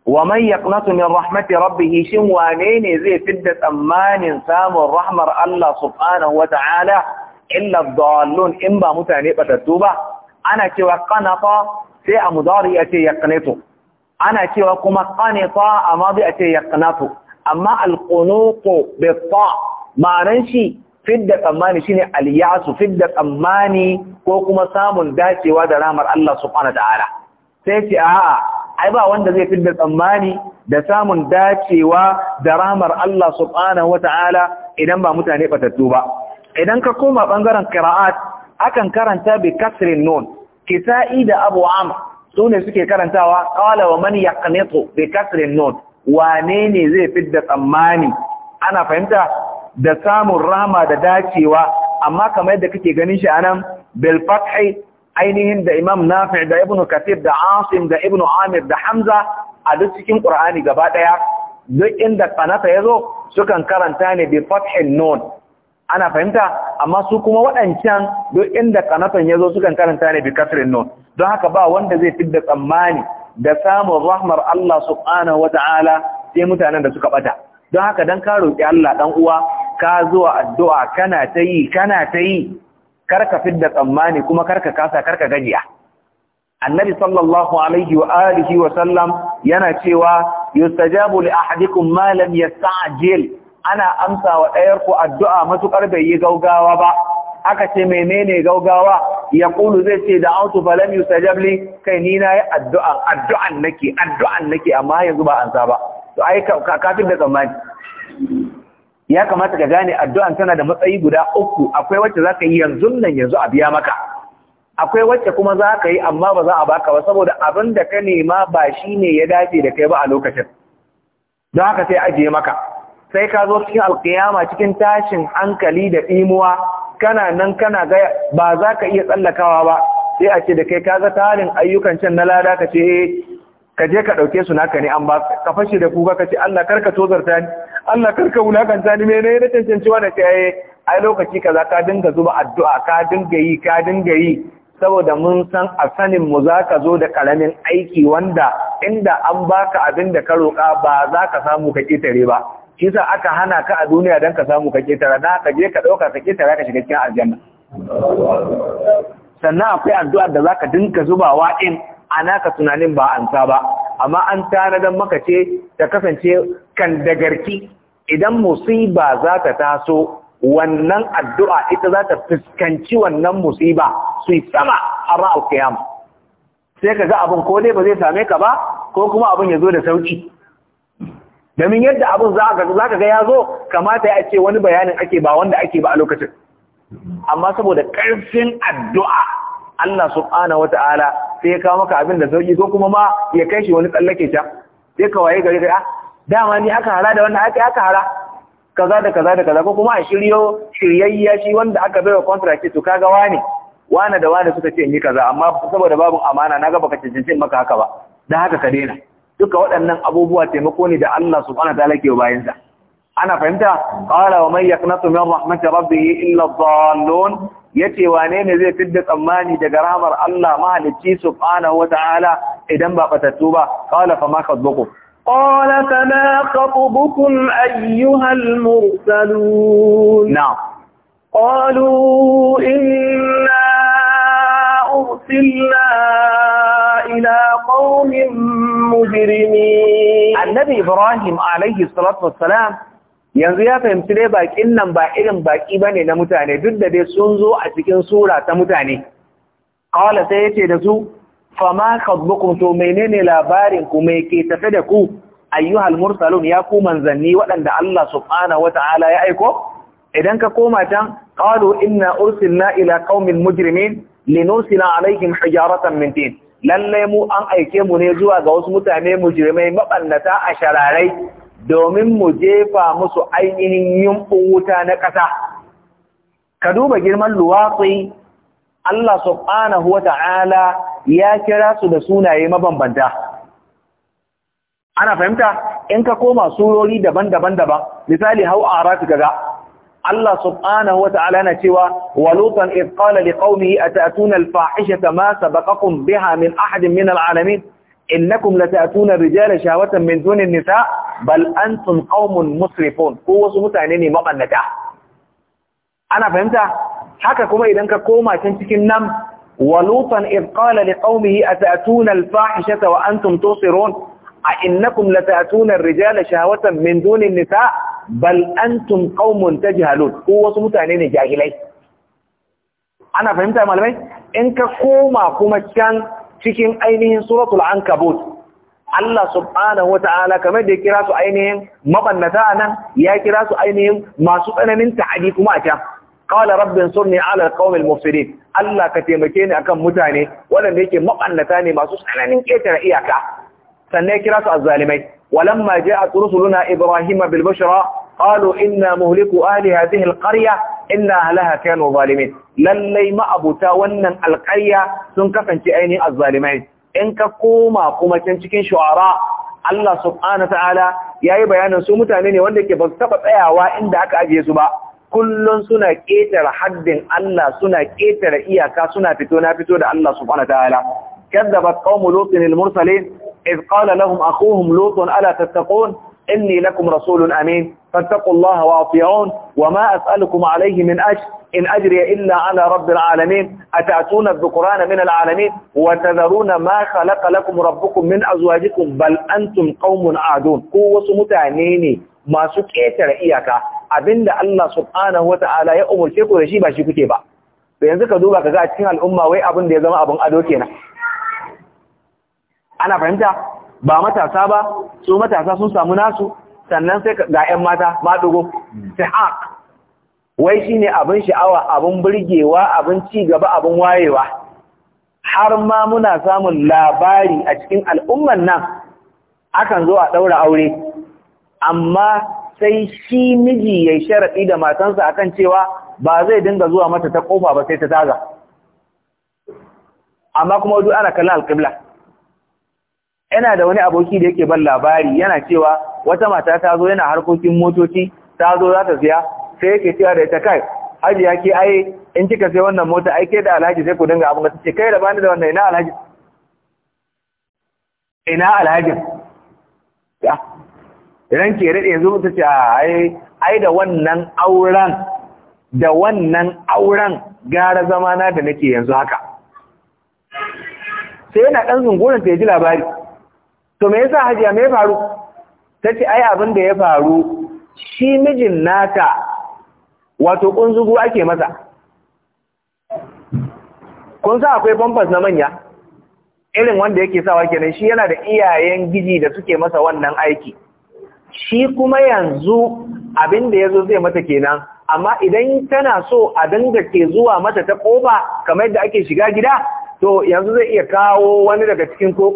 ومن يقنط من رحمة ربه شموانين زي فدة أمان سام الرحمة الله سبحانه وتعالى إلا الضالون إما متعنيبة التوبة أنا كوى قنط سيء أتي يقنطه ana cewa kuma qanita amma zai a ce yaqnatu amma alqunutu bi ta ma'anar shi fidda tsammani shine alyasu fidda tsammani ko kuma samun dacewa da ramar Allah subhanahu ta'ala sai ce a'a ai ba wanda zai fidda tsammani da samun dacewa da ramar Allah subhanahu ta'ala idan ba mutane batattu ba idan ka koma bangaren qira'at akan karanta bi kasrin nun kisa'i da abu amr su ne suke karantawa qala wa man yaqnitu bi kasrin nun wane ne zai da tsammani ana fahimta da samun rama da dacewa amma kamar yadda kake ganin shi a nan fathi ainihin da imam nafi' da ibnu kathir da asim da ibnu amir da hamza a duk cikin ƙur'ani gaba ɗaya duk inda ya zo sukan karanta ne bi fathin ana fahimta amma su kuma waɗancan duk inda kanatan ya zo sukan karanta ne bi kasrin nun don haka ba wanda zai fidda tsammani da samun rahmar Allah subhanahu wata'ala sai mutanen da suka bata don haka dan ka roƙi Allah ɗan uwa ka zuwa addu'a kana ta yi kana ta yi karka tsammani kuma karka kasa karka gajiya annabi sallallahu alaihi wa alihi wa sallam yana cewa yustajabu li ahadikum ma lam yasta'jil ana amsa wa ɗayar ku addu'a matuƙar bai yi gaugawa ba aka ce menene gaugawa ya kulu zai ce da autu balam yustajab li kai ni na yi addu'a addu'an nake addu'an nake amma yanzu ba an sa ba to ai kafin da tsammani ya kamata ka gane addu'an tana da matsayi guda uku akwai wacce za ka yi yanzu nan yanzu a biya maka akwai wacce kuma za ka yi amma ba za a baka ba saboda abin da ka nema ba shi ne ya dace da kai ba a lokacin don haka sai ajiye maka sai ka zo cikin alkiyama cikin tashin hankali da imuwa kana nan kana ga ba za ka iya tsallakawa ba sai a ce da kai kaga tarin ayyukan can na lada ka ce eh, ka je ka dauke su naka ne an ba ka fashe da kuka ka ce Allah karka tozarta ni Allah karka wulakanta ni mene na cancanci wanda yi. Eh, ai lokaci kaza ka dinga zuba addu'a ka dinga yi ka dinga yi saboda mun san a sanin mu za ka zo da karamin aiki wanda inda an baka abin da ka roƙa ba za ka samu ka ƙetare ba Kisa aka hana ka a duniya don ka samu ka ketara na ka je ka ɗauka ka ketara ka shiga cikin aljanna sannan akwai addu'ar da za ka dinka zubawa in ana ka tunanin ba an ba amma an tanadar maka ce ta kasance kan dagarki idan musiba za ta taso wannan addu'a ita za ta fuskanci wannan musiba su yi sama a ra'au sai ka ga abin ko dai ba zai same ka ba ko kuma abin ya zo da sauki domin yadda abin za ka ga ya zo kamata ya ce wani bayanin ake ba wanda ake ba a lokacin amma saboda ƙarfin addu'a Allah wa wata'ala sai ya kawo maka abin da sauƙi ko kuma ma ya kai shi wani tsallake ta sai ka waye gari ka ah, dama ni aka hara da wanda ake aka hara kaza da kaza da kaza ko kuma a shiryo shiryayya shi wanda aka bai wa kontrakti to kaga wani wani da wani suka ce in yi kaza amma saboda babu amana na gaba baka cancanci maka haka ba dan haka ka daina duka waɗannan abubuwa taimako ne da Allah subhanahu wataala ke bayan sa ana fahimta qala wa man yaqnatu min rahmati rabbih illa dhallun yace wane ne zai fidda tsammani daga rahmar Allah mahalicci subhanahu wataala idan ba fatattu ba qala fa ma khadbukum qala fa ma khadbukum ayyuha mursalun na'am qalu inna ursilna إلى قوم مجرمين Annabi Ibrahim عليه yanzu ya fahimci dai bakin nan ba irin baki bane na mutane duk da dai sun zo a cikin sura ta mutane qala sai yace da su fama khadbukum to menene labarin ku me ke tafe da ku ayyuhal mursalun ya ku manzanni waɗanda Allah subhanahu wata'ala ya aiko idan ka koma can qalu inna ursilna ila qaumin mujrimin linusila alaihim hijaratan min tin lallai mu an aike mu ne zuwa ga wasu mutane mujirmai mabannata a shararai domin mu jefa musu ainihin yumɓin wuta na ƙasa ka duba girman luwatsi Allah subhanahu wa ta'ala ya kira su da sunaye mabambanta ana fahimta in ka koma surori daban-daban daban misali hau a ratu kaga الله سبحانه وتعالى نتوى ولوطا إذ قال لقومه أتأتون الفاحشة ما سبقكم بها من أحد من العالمين إنكم لتأتون رجال شهوة من دون النساء بل أنتم قوم مصرفون هو سمتعنيني مقنتا أنا فهمت حكا كما إذا انك قوما تنتك النم ولوطا إذ قال لقومه أتأتون الفاحشة وأنتم توصرون إنكم لتأتون الرجال شهوة من دون النساء bal antum ta tajhalun ko wasu mutane ne jahilai ana fahimta malamai in ka koma kuma can cikin ainihin suratul ankabut Allah subhanahu wata'ala kamar da ya kira su ainihin mabannata nan ya kira su ainihin masu tsananin ta'adi kuma a can qala rabbi ne ala alqawmil mufsidin Allah ka taimake ni akan mutane waɗanda yake mabannata ne masu tsananin ƙetare iyaka sannan ya kira su azzalimai ولما جاءت رسلنا إبراهيم بالبشرى قالوا إنا مهلك أهل هذه القرية إن أهلها كانوا ظالمين للي ما أبوتا ونن القرية سنكفن تأيني الظالمين إنك قوما قوما تنشكين شعراء الله سبحانه وتعالى yayi bayanin su mutane ne wanda ke ba su tsayawa inda aka ajiye su ba Kullum suna ketare haddin Allah suna ketare iyaka suna fito na fito da Allah subhanahu wataala kadzabat mursalin إذ قال لهم أخوهم لوط ألا تتقون إني لكم رسول أمين فاتقوا الله وأطيعون وما أسألكم عليه من أجر إن أجري إلا على رب العالمين أتأتون الذكران من العالمين وتذرون ما خلق لكم ربكم من أزواجكم بل أنتم قوم عادون قوة متعنيني ما سكيت رئيك أبند الله سبحانه وتعالى يأمر شيء ورشيبا شكتبا yanzu ka duba kaga a cikin al'umma wai abin da ya zama abin ado kenan ana fahimta ba matasa ba su matasa sun samu nasu sannan sai ga 'yan mata maɗugo sihaq wai shine abin sha'awa abin burgewa abin ci gaba abin wayewa har ma muna samun labari a cikin al'umman nan akan zo a ɗaura aure amma sai shi miji ya sharaɗi da matansa akan cewa ba zai dinga zuwa mata ta ƙofa ba sai ta taga amma kuma duk ana kallon alƙibla yana da wani aboki da yake ban labari yana cewa wata mata ta zo yana harkokin motoci ta zo za ta siya sai yake cewa da ita kai haji ya ke ai in kika sai wannan mota ai ke da alhaji sai ku dinga abin da ce kai da bani da wannan ina alhaji ina alhaji ya idan ke rade yanzu mutu ce ai ai da wannan auren da wannan auren gara zamana da nake yanzu haka sai yana ɗan zungurin ta ji labari to me yasa hajiya me faru ta ai abin da ya faru shi mijin nata wato kunzugu ake masa kun sa akwai famfas na manya irin wanda yake sawa kenan shi yana da iyayen giji da suke masa wannan aiki shi kuma yanzu abin da yazo zai mata kenan amma idan tana so a dinga ke zuwa mata ta koba kamar yadda ake shiga gida to yanzu zai iya kawo wani daga cikin ko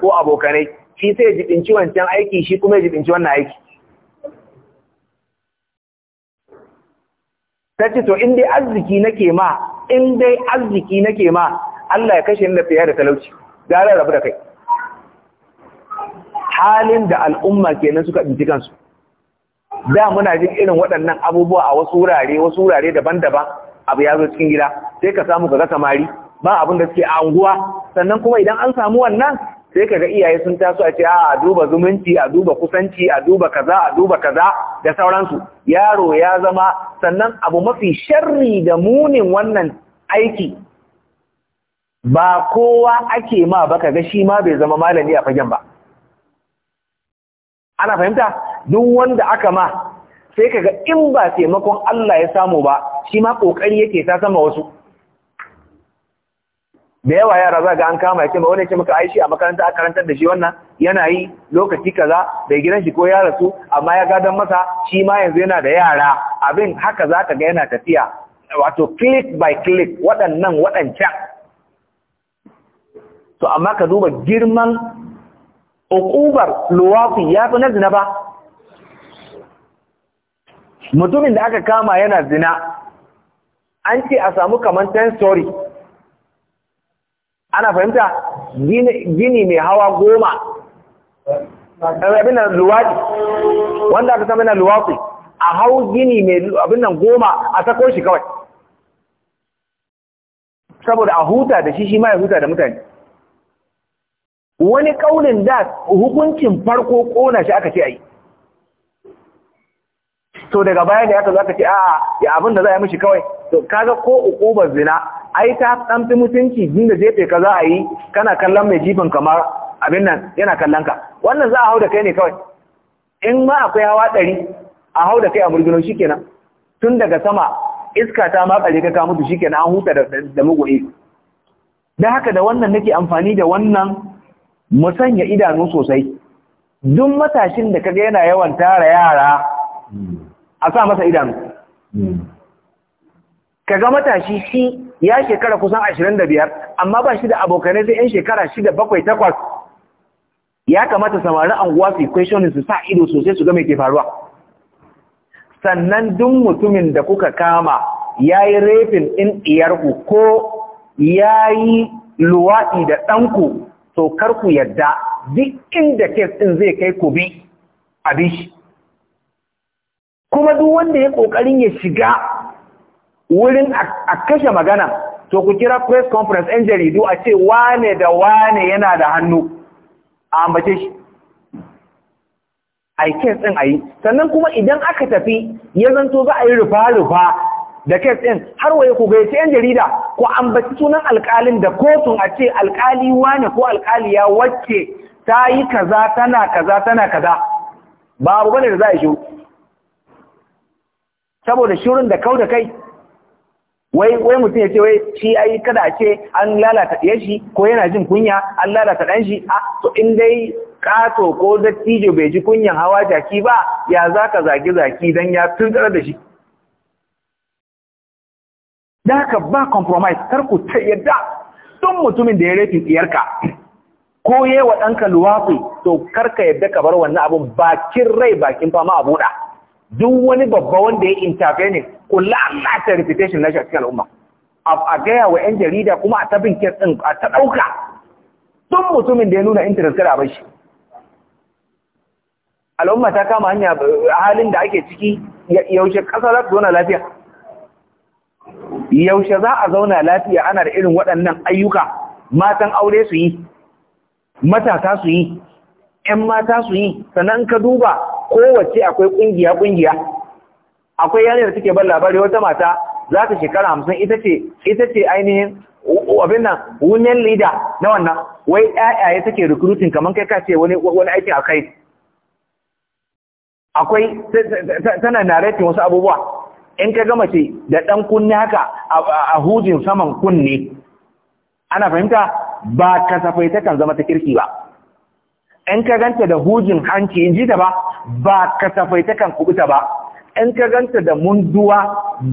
ko abokanai shi sai ya jibinci wancan aiki shi kuma ya jibinci wannan aiki ta ce to in dai arziki nake ma in dai arziki nake ma Allah ya kashe ni da fiye da talauci gara rabu da kai halin da al'umma kenan suka binci kansu da muna jin irin waɗannan abubuwa a wasu wurare wasu wurare daban-daban abu ya zo cikin gida sai ka samu ga samari ba abin da suke a unguwa sannan kuma idan an samu wannan sai kaga iyaye sun taso a ce a duba zumunci a duba kusanci a duba kaza a duba kaza da sauransu yaro ya zama sannan abu mafi sharri da munin wannan aiki ba kowa ake ma ba kaga shi ma bai zama malami a fagen ba ana fahimta duk wanda aka ma sai kaga in ba taimakon Allah ya samu ba shi ma kokari yake ta sama wasu da yawa yara za ga an kama ya ce wani ce maka aishi a makaranta a karantar da shi wannan yana yi lokaci kaza bai gidan shi ko ya rasu amma ya gadon masa shi ma yanzu yana da yara abin haka za ka ga yana tafiya wato click by click waɗannan waɗancan to amma ka duba girman ukubar luwafi ya fi na zina ba mutumin da aka kama yana zina an ce a samu kamar 10 story ana fahimta gini mai hawa goma eh, abin nan luwaɗi wanda aka sami na luwaɗi a hau gini mai abin nan goma a sako shi kawai saboda a huta da shi shi ma ya huta da mutane wani ƙaunin da hukuncin farko ƙona shi aka ce a yi to daga baya ya aka zo aka ce a ya abin da za a yi mashi kawai to kaga ko ukubar zina ai ta dan fi mutunci inda jefe ka za a yi kana kallon mai jifin kamar abin nan yana kallon ka wannan za a hau da kai ne kawai in ma akwai hawa ɗari a hau da kai a murgino shikenan tun daga sama iska ta makale ka ka mutu shikenan an huta da mugoyi da haka da wannan nake amfani da wannan mu sanya idanu sosai duk matashin da kaga yana yawan tara yara a sa masa idanu hmm. kaga matashi shi ya shekara kusan ashirin da biyar amma ba shi da abokanai sai 'yan shekara da bakwai takwas ya kamata samarin anguwa su questioning su sa ido sosai su game ke faruwa sannan duk mutumin da kuka kama ya yi rafin ɗin iyarku ko ya yi luwaɗi da ɗanku to karku yadda duk inda kes ɗin zai kai ku bi abin shi kuma duk wanda ya ƙoƙarin ya shiga wurin a kashe magana to ku kira press conference ɗan jaridu a ce wane da wane yana da hannu a ambace shi a yi kes ɗin a yi sannan kuma idan aka tafi ya zanto za a yi rufa-rufa da kes ɗin har waye ku gaice yan jarida ku ambaci sunan alƙalin da kotun a ce alƙali wane ko alƙaliya wacce ta yi kaza tana kaza tana kaza babu bane da za a yi shi saboda shirin da kau da kai wai wai mutum ya ce wai shi ai kada a ce an lalata ɗiyar shi ko yana jin kunya an lalata ɗan shi a to in dai kato ko dattijo bai ji kunyan hawa jaki ba ya za ka zagi zaki don ya tuntar da shi da haka ba compromise kar ku ta yadda don mutumin da ya rafi tsiyarka ko yi wa ɗanka luwafi to kar ka yadda ka bar wannan abin bakin rai bakin fama a buɗa duk wani babba wanda ya intervene ku lalata reputation na shi a cikin al'umma a gaya wa 'yan jarida kuma a tabin kes ɗin a ta ɗauka duk mutumin da ya nuna interest kada bai shi al'umma ta kama hanya halin da ake ciki yaushe ƙasa za ta zauna lafiya yaushe za a zauna lafiya ana da irin waɗannan ayyuka matan aure su yi matasa su yi ‘yan mata su yi sannan ka duba kowace akwai kungiya kungiya akwai yanayi da suke ban labari wata mata za ta shekara hamsin ita ce ita ce ainihin abin nan wunin leader na wannan wai ƴaƴaye take recruiting kamar kai kace wani wani aikin akai akwai tana narrating wasu abubuwa in ka gama ce da ɗan kunne haka a hujin saman kunne ana fahimta ba kasafai takan zama ta kirki ba Yan ka ganta da hujin hanci in ji ta ba ba kasafai ta kan kubuta ba in ka ganta da munduwa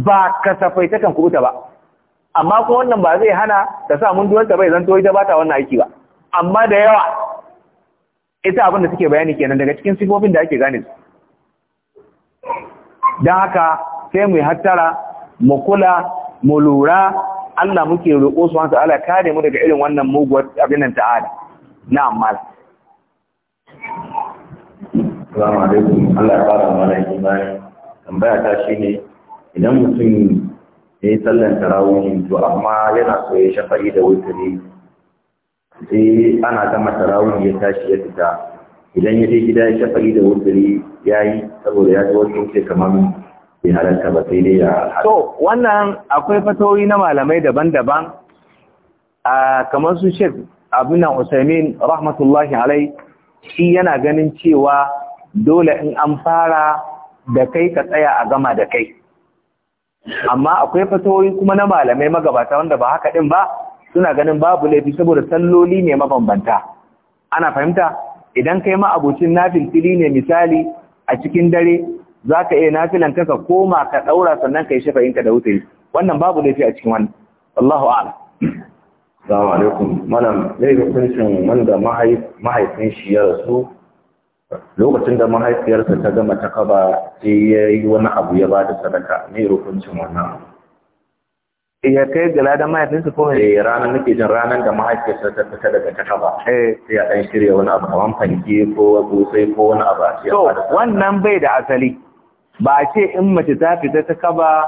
ba kasafai ta kan kubuta ba amma kuma wannan ba zai hana ta sa ta bai zanto ita ba ta wannan aiki ba amma da yawa ita abin da suke bayani kenan daga cikin sifofin da ake gane su don haka sai mu hattara mu kula mu lura Allah muke roƙo su hansu ala kare mu daga irin wannan muguwar abin nan ta'ada na amma Assalamu alaikum Allah ya fara mana imani tambaya ta shi ne idan mutum ya yi sallan tarawih to amma yana so ya shafa'i da wuturi sai ana gama tarawih ya tashi ya fita idan ya je gida ya shafa'i da wuturi ya yi saboda ya ji wasu ce kamar bai halarta ba sai dai ya to wannan akwai fatoyi na malamai daban-daban kamar su shek abinan usaimin rahmatullahi alai shi yana ganin cewa dole in an fara da kai ka tsaya a gama da kai amma akwai fatoyi kuma na malamai magabata wanda ba haka din ba suna ganin babu laifi saboda salloli ne mabambanta ana fahimta idan kai ma abocin nafin fili ne misali a cikin dare zaka iya nafilan ka koma ka ɗaura sannan ka yi shafa'in ka da wutari wannan babu laifi a cikin wani. Allahu a'lam Assalamu alaikum. Malam, zai hukuncin wanda mahaifin shi ya rasu lokacin da mahaifiyarsa ta gama ta kaba sai ya yi wani abu ya ba da sadaka mai rukuncin wannan eh, ya kai gala lada mahaifinsa ko mai eh, ranar nake jin ranar da mahaifiyarsa ta fita daga ta kaba eh. sai ya ɗan shirya wani abu kamar fanke ko dusai ko wani abu a to wannan bai da asali ba a ce in mace ta fita ta kaba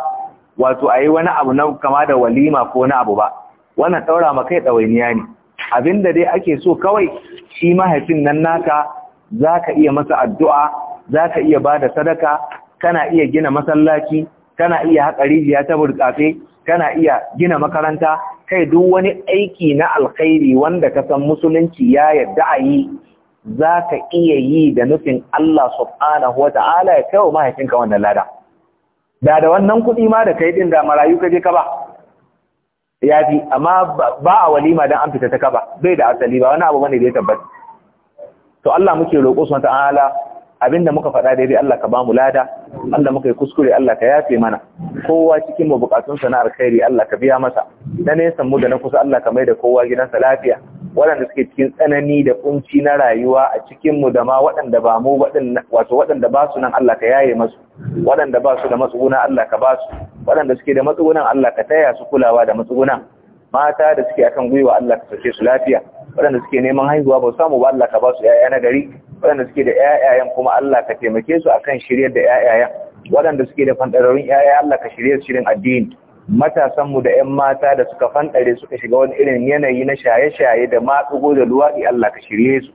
wato a yi wani abu na kama da walima ko wani abu ba wannan ɗaura ma kai ɗawainiya ne abinda dai ake so kawai shi mahaifin nan naka za ka iya masa addu'a za ka iya ba da sadaka kana iya gina masallaci kana iya haƙa rijiya ta burtsafe kana iya gina makaranta kai duk wani aiki na alkhairi wanda ka san musulunci ya yarda a yi za ka iya yi da nufin Allah subhanahu wa ta'ala ya kai wa mahaifinka wannan lada da da wannan kuɗi ma da kai ɗin da marayu ka je ka ba ya fi amma ba a walima don an fita ta kaba bai da asali ba wani abu bane da ya tabbata to Allah muke roƙo su ta ala abinda muka faɗa daidai Allah ka bamu lada Allah muka yi kuskure Allah ka yafe mana kowa cikin mu bukatun na alkhairi Allah ka biya masa na nesa mu da na kusa Allah ka mai da kowa gidansa lafiya waɗanda suke cikin tsanani da kunci na rayuwa a cikin mu da ma waɗanda ba mu wato waɗanda ba su nan Allah ka yaye masu waɗanda ba su da matsuguna Allah ka ba su waɗanda suke da matsugunan Allah ka taya su kulawa da matsugunan mata da suke akan gwiwa Allah ka sauke su lafiya waɗanda suke neman haihuwa ba samu ba Allah ka ba su ƴaƴa na gari waɗanda suke da ƴaƴayen kuma Allah ka taimake su akan shiryar da ƴaƴayen waɗanda suke da fandararrun ƴaƴa Allah ka shirye su shirin addini matasan mu da ƴan mata da suka fandare suka shiga wani irin yanayi na shaye-shaye da matsugo da luwaɗi Allah ka shirye su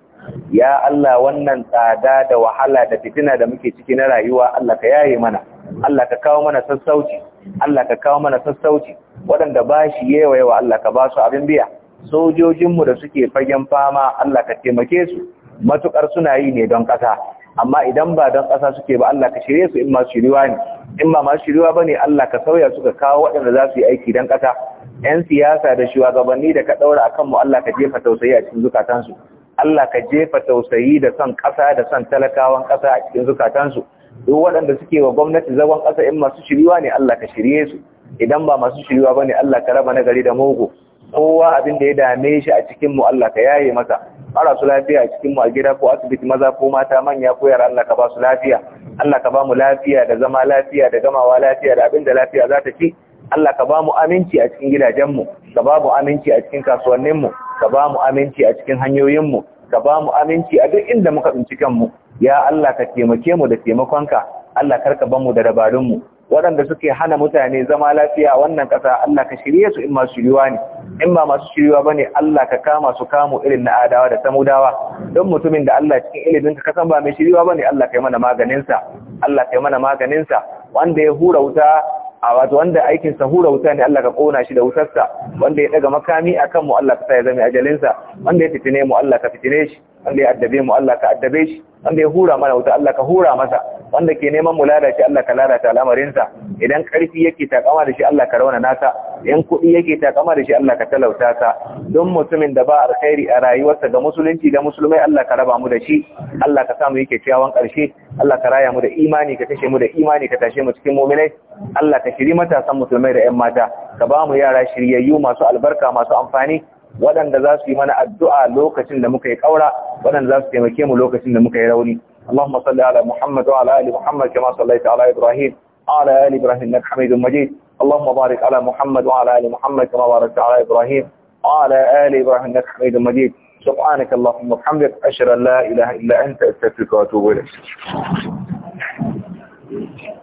ya Allah wannan tsada da wahala da fitina da muke ciki na rayuwa Allah ka yaye mana Allah ka kawo mana sassauci Allah ka kawo mana sassauci waɗanda ba shi yewa yawa Allah ka ba su abin biya sojojinmu da suke fagen fama Allah ka taimake su matukar suna yi ne don ƙasa amma idan ba don ƙasa suke ba Allah ka shirye su in ma shiriwa ne in ba ma shiriwa ba ne Allah ka sauya su ka kawo waɗanda za su yi aiki don ƙasa 'yan siyasa da shugabanni da ka ɗaura a kanmu Allah ka jefa tausayi a cikin zukatansu Allah ka jefa tausayi da son ƙasa da son talakawan ƙasa a cikin zukatansu duk waɗanda suke wa gwamnati zagon ƙasa in masu shiriwa ne Allah ka shirye su idan ba masu shiriwa ba ne Allah ka raba nagari da mugu kowa abin da ya dame shi a cikin mu Allah ka yaye masa ara su lafiya a cikin mu a gida ko asibiti maza ko mata manya ko yara Allah ka ba su lafiya Allah ka ba mu lafiya da zama lafiya da gamawa lafiya da abin da lafiya za ta ci Allah ka ba mu aminci a cikin gidajen mu ka ba mu aminci a cikin kasuwannin mu ka ba mu aminci a cikin hanyoyin mu ka ba mu aminci a duk inda muka tsinci kanmu ya Allah ka taimake mu da taimakonka Allah karka ban mu da dabarun mu waɗanda suke hana mutane zama lafiya a wannan ƙasa Allah ka shirye su in masu shiriwa ne in ba masu shiriwa ne Allah ka kama su kamo irin na adawa da samudawa don mutumin da Allah cikin ilimin ka kasan ba mai shiriwa ne? Allah kai mana maganinsa. Allah Allah kai mana maganinsa. wanda ya hura wuta a wato wanda aikinsa hura wuta ne Allah ka kona shi da wutarsa, wanda ya daga makami a kanmu, Allah ka sa ya zama ajalinsa, wanda ya fitine mu Allah ka fitine shi wanda ya addabe mu Allah ka addabe shi wanda ya hura mana wuta Allah ka hura masa wanda ke neman mu lalace Allah ka lalata al'amarinsa idan karfi yake takama da shi Allah ka rauna nasa Yan kuɗi yake takama da shi Allah ka talauta sa don mutumin da ba alkhairi a rayuwarsa ga musulunci da musulmai Allah ka raba mu da shi Allah ka samu yake ciyawan ƙarshe Allah ka raya mu da imani ka kashe mu da imani ka tashe mu cikin mu'minai Allah ka shiri matasan musulmai da 'yan mata ka ba mu yara shiryayyu masu albarka masu amfani waɗanda za su yi mana addu'a lokacin da muka yi ƙaura waɗanda za su taimake mu lokacin da muka yi rauni Allahumma salli ala Muhammad wa ala ali Muhammad kama sallaita ala Ibrahim ala ali Ibrahim innaka Hamidum Majid Allahumma barik ala Muhammad wa ala ali Muhammad kama barakta ala Ibrahim ala Ali Ibrahim إنك حميد Majid. سبحانك اللهم وبحمدك أشهد أن لا إله إلا أنت أستغفرك وأتوب إليك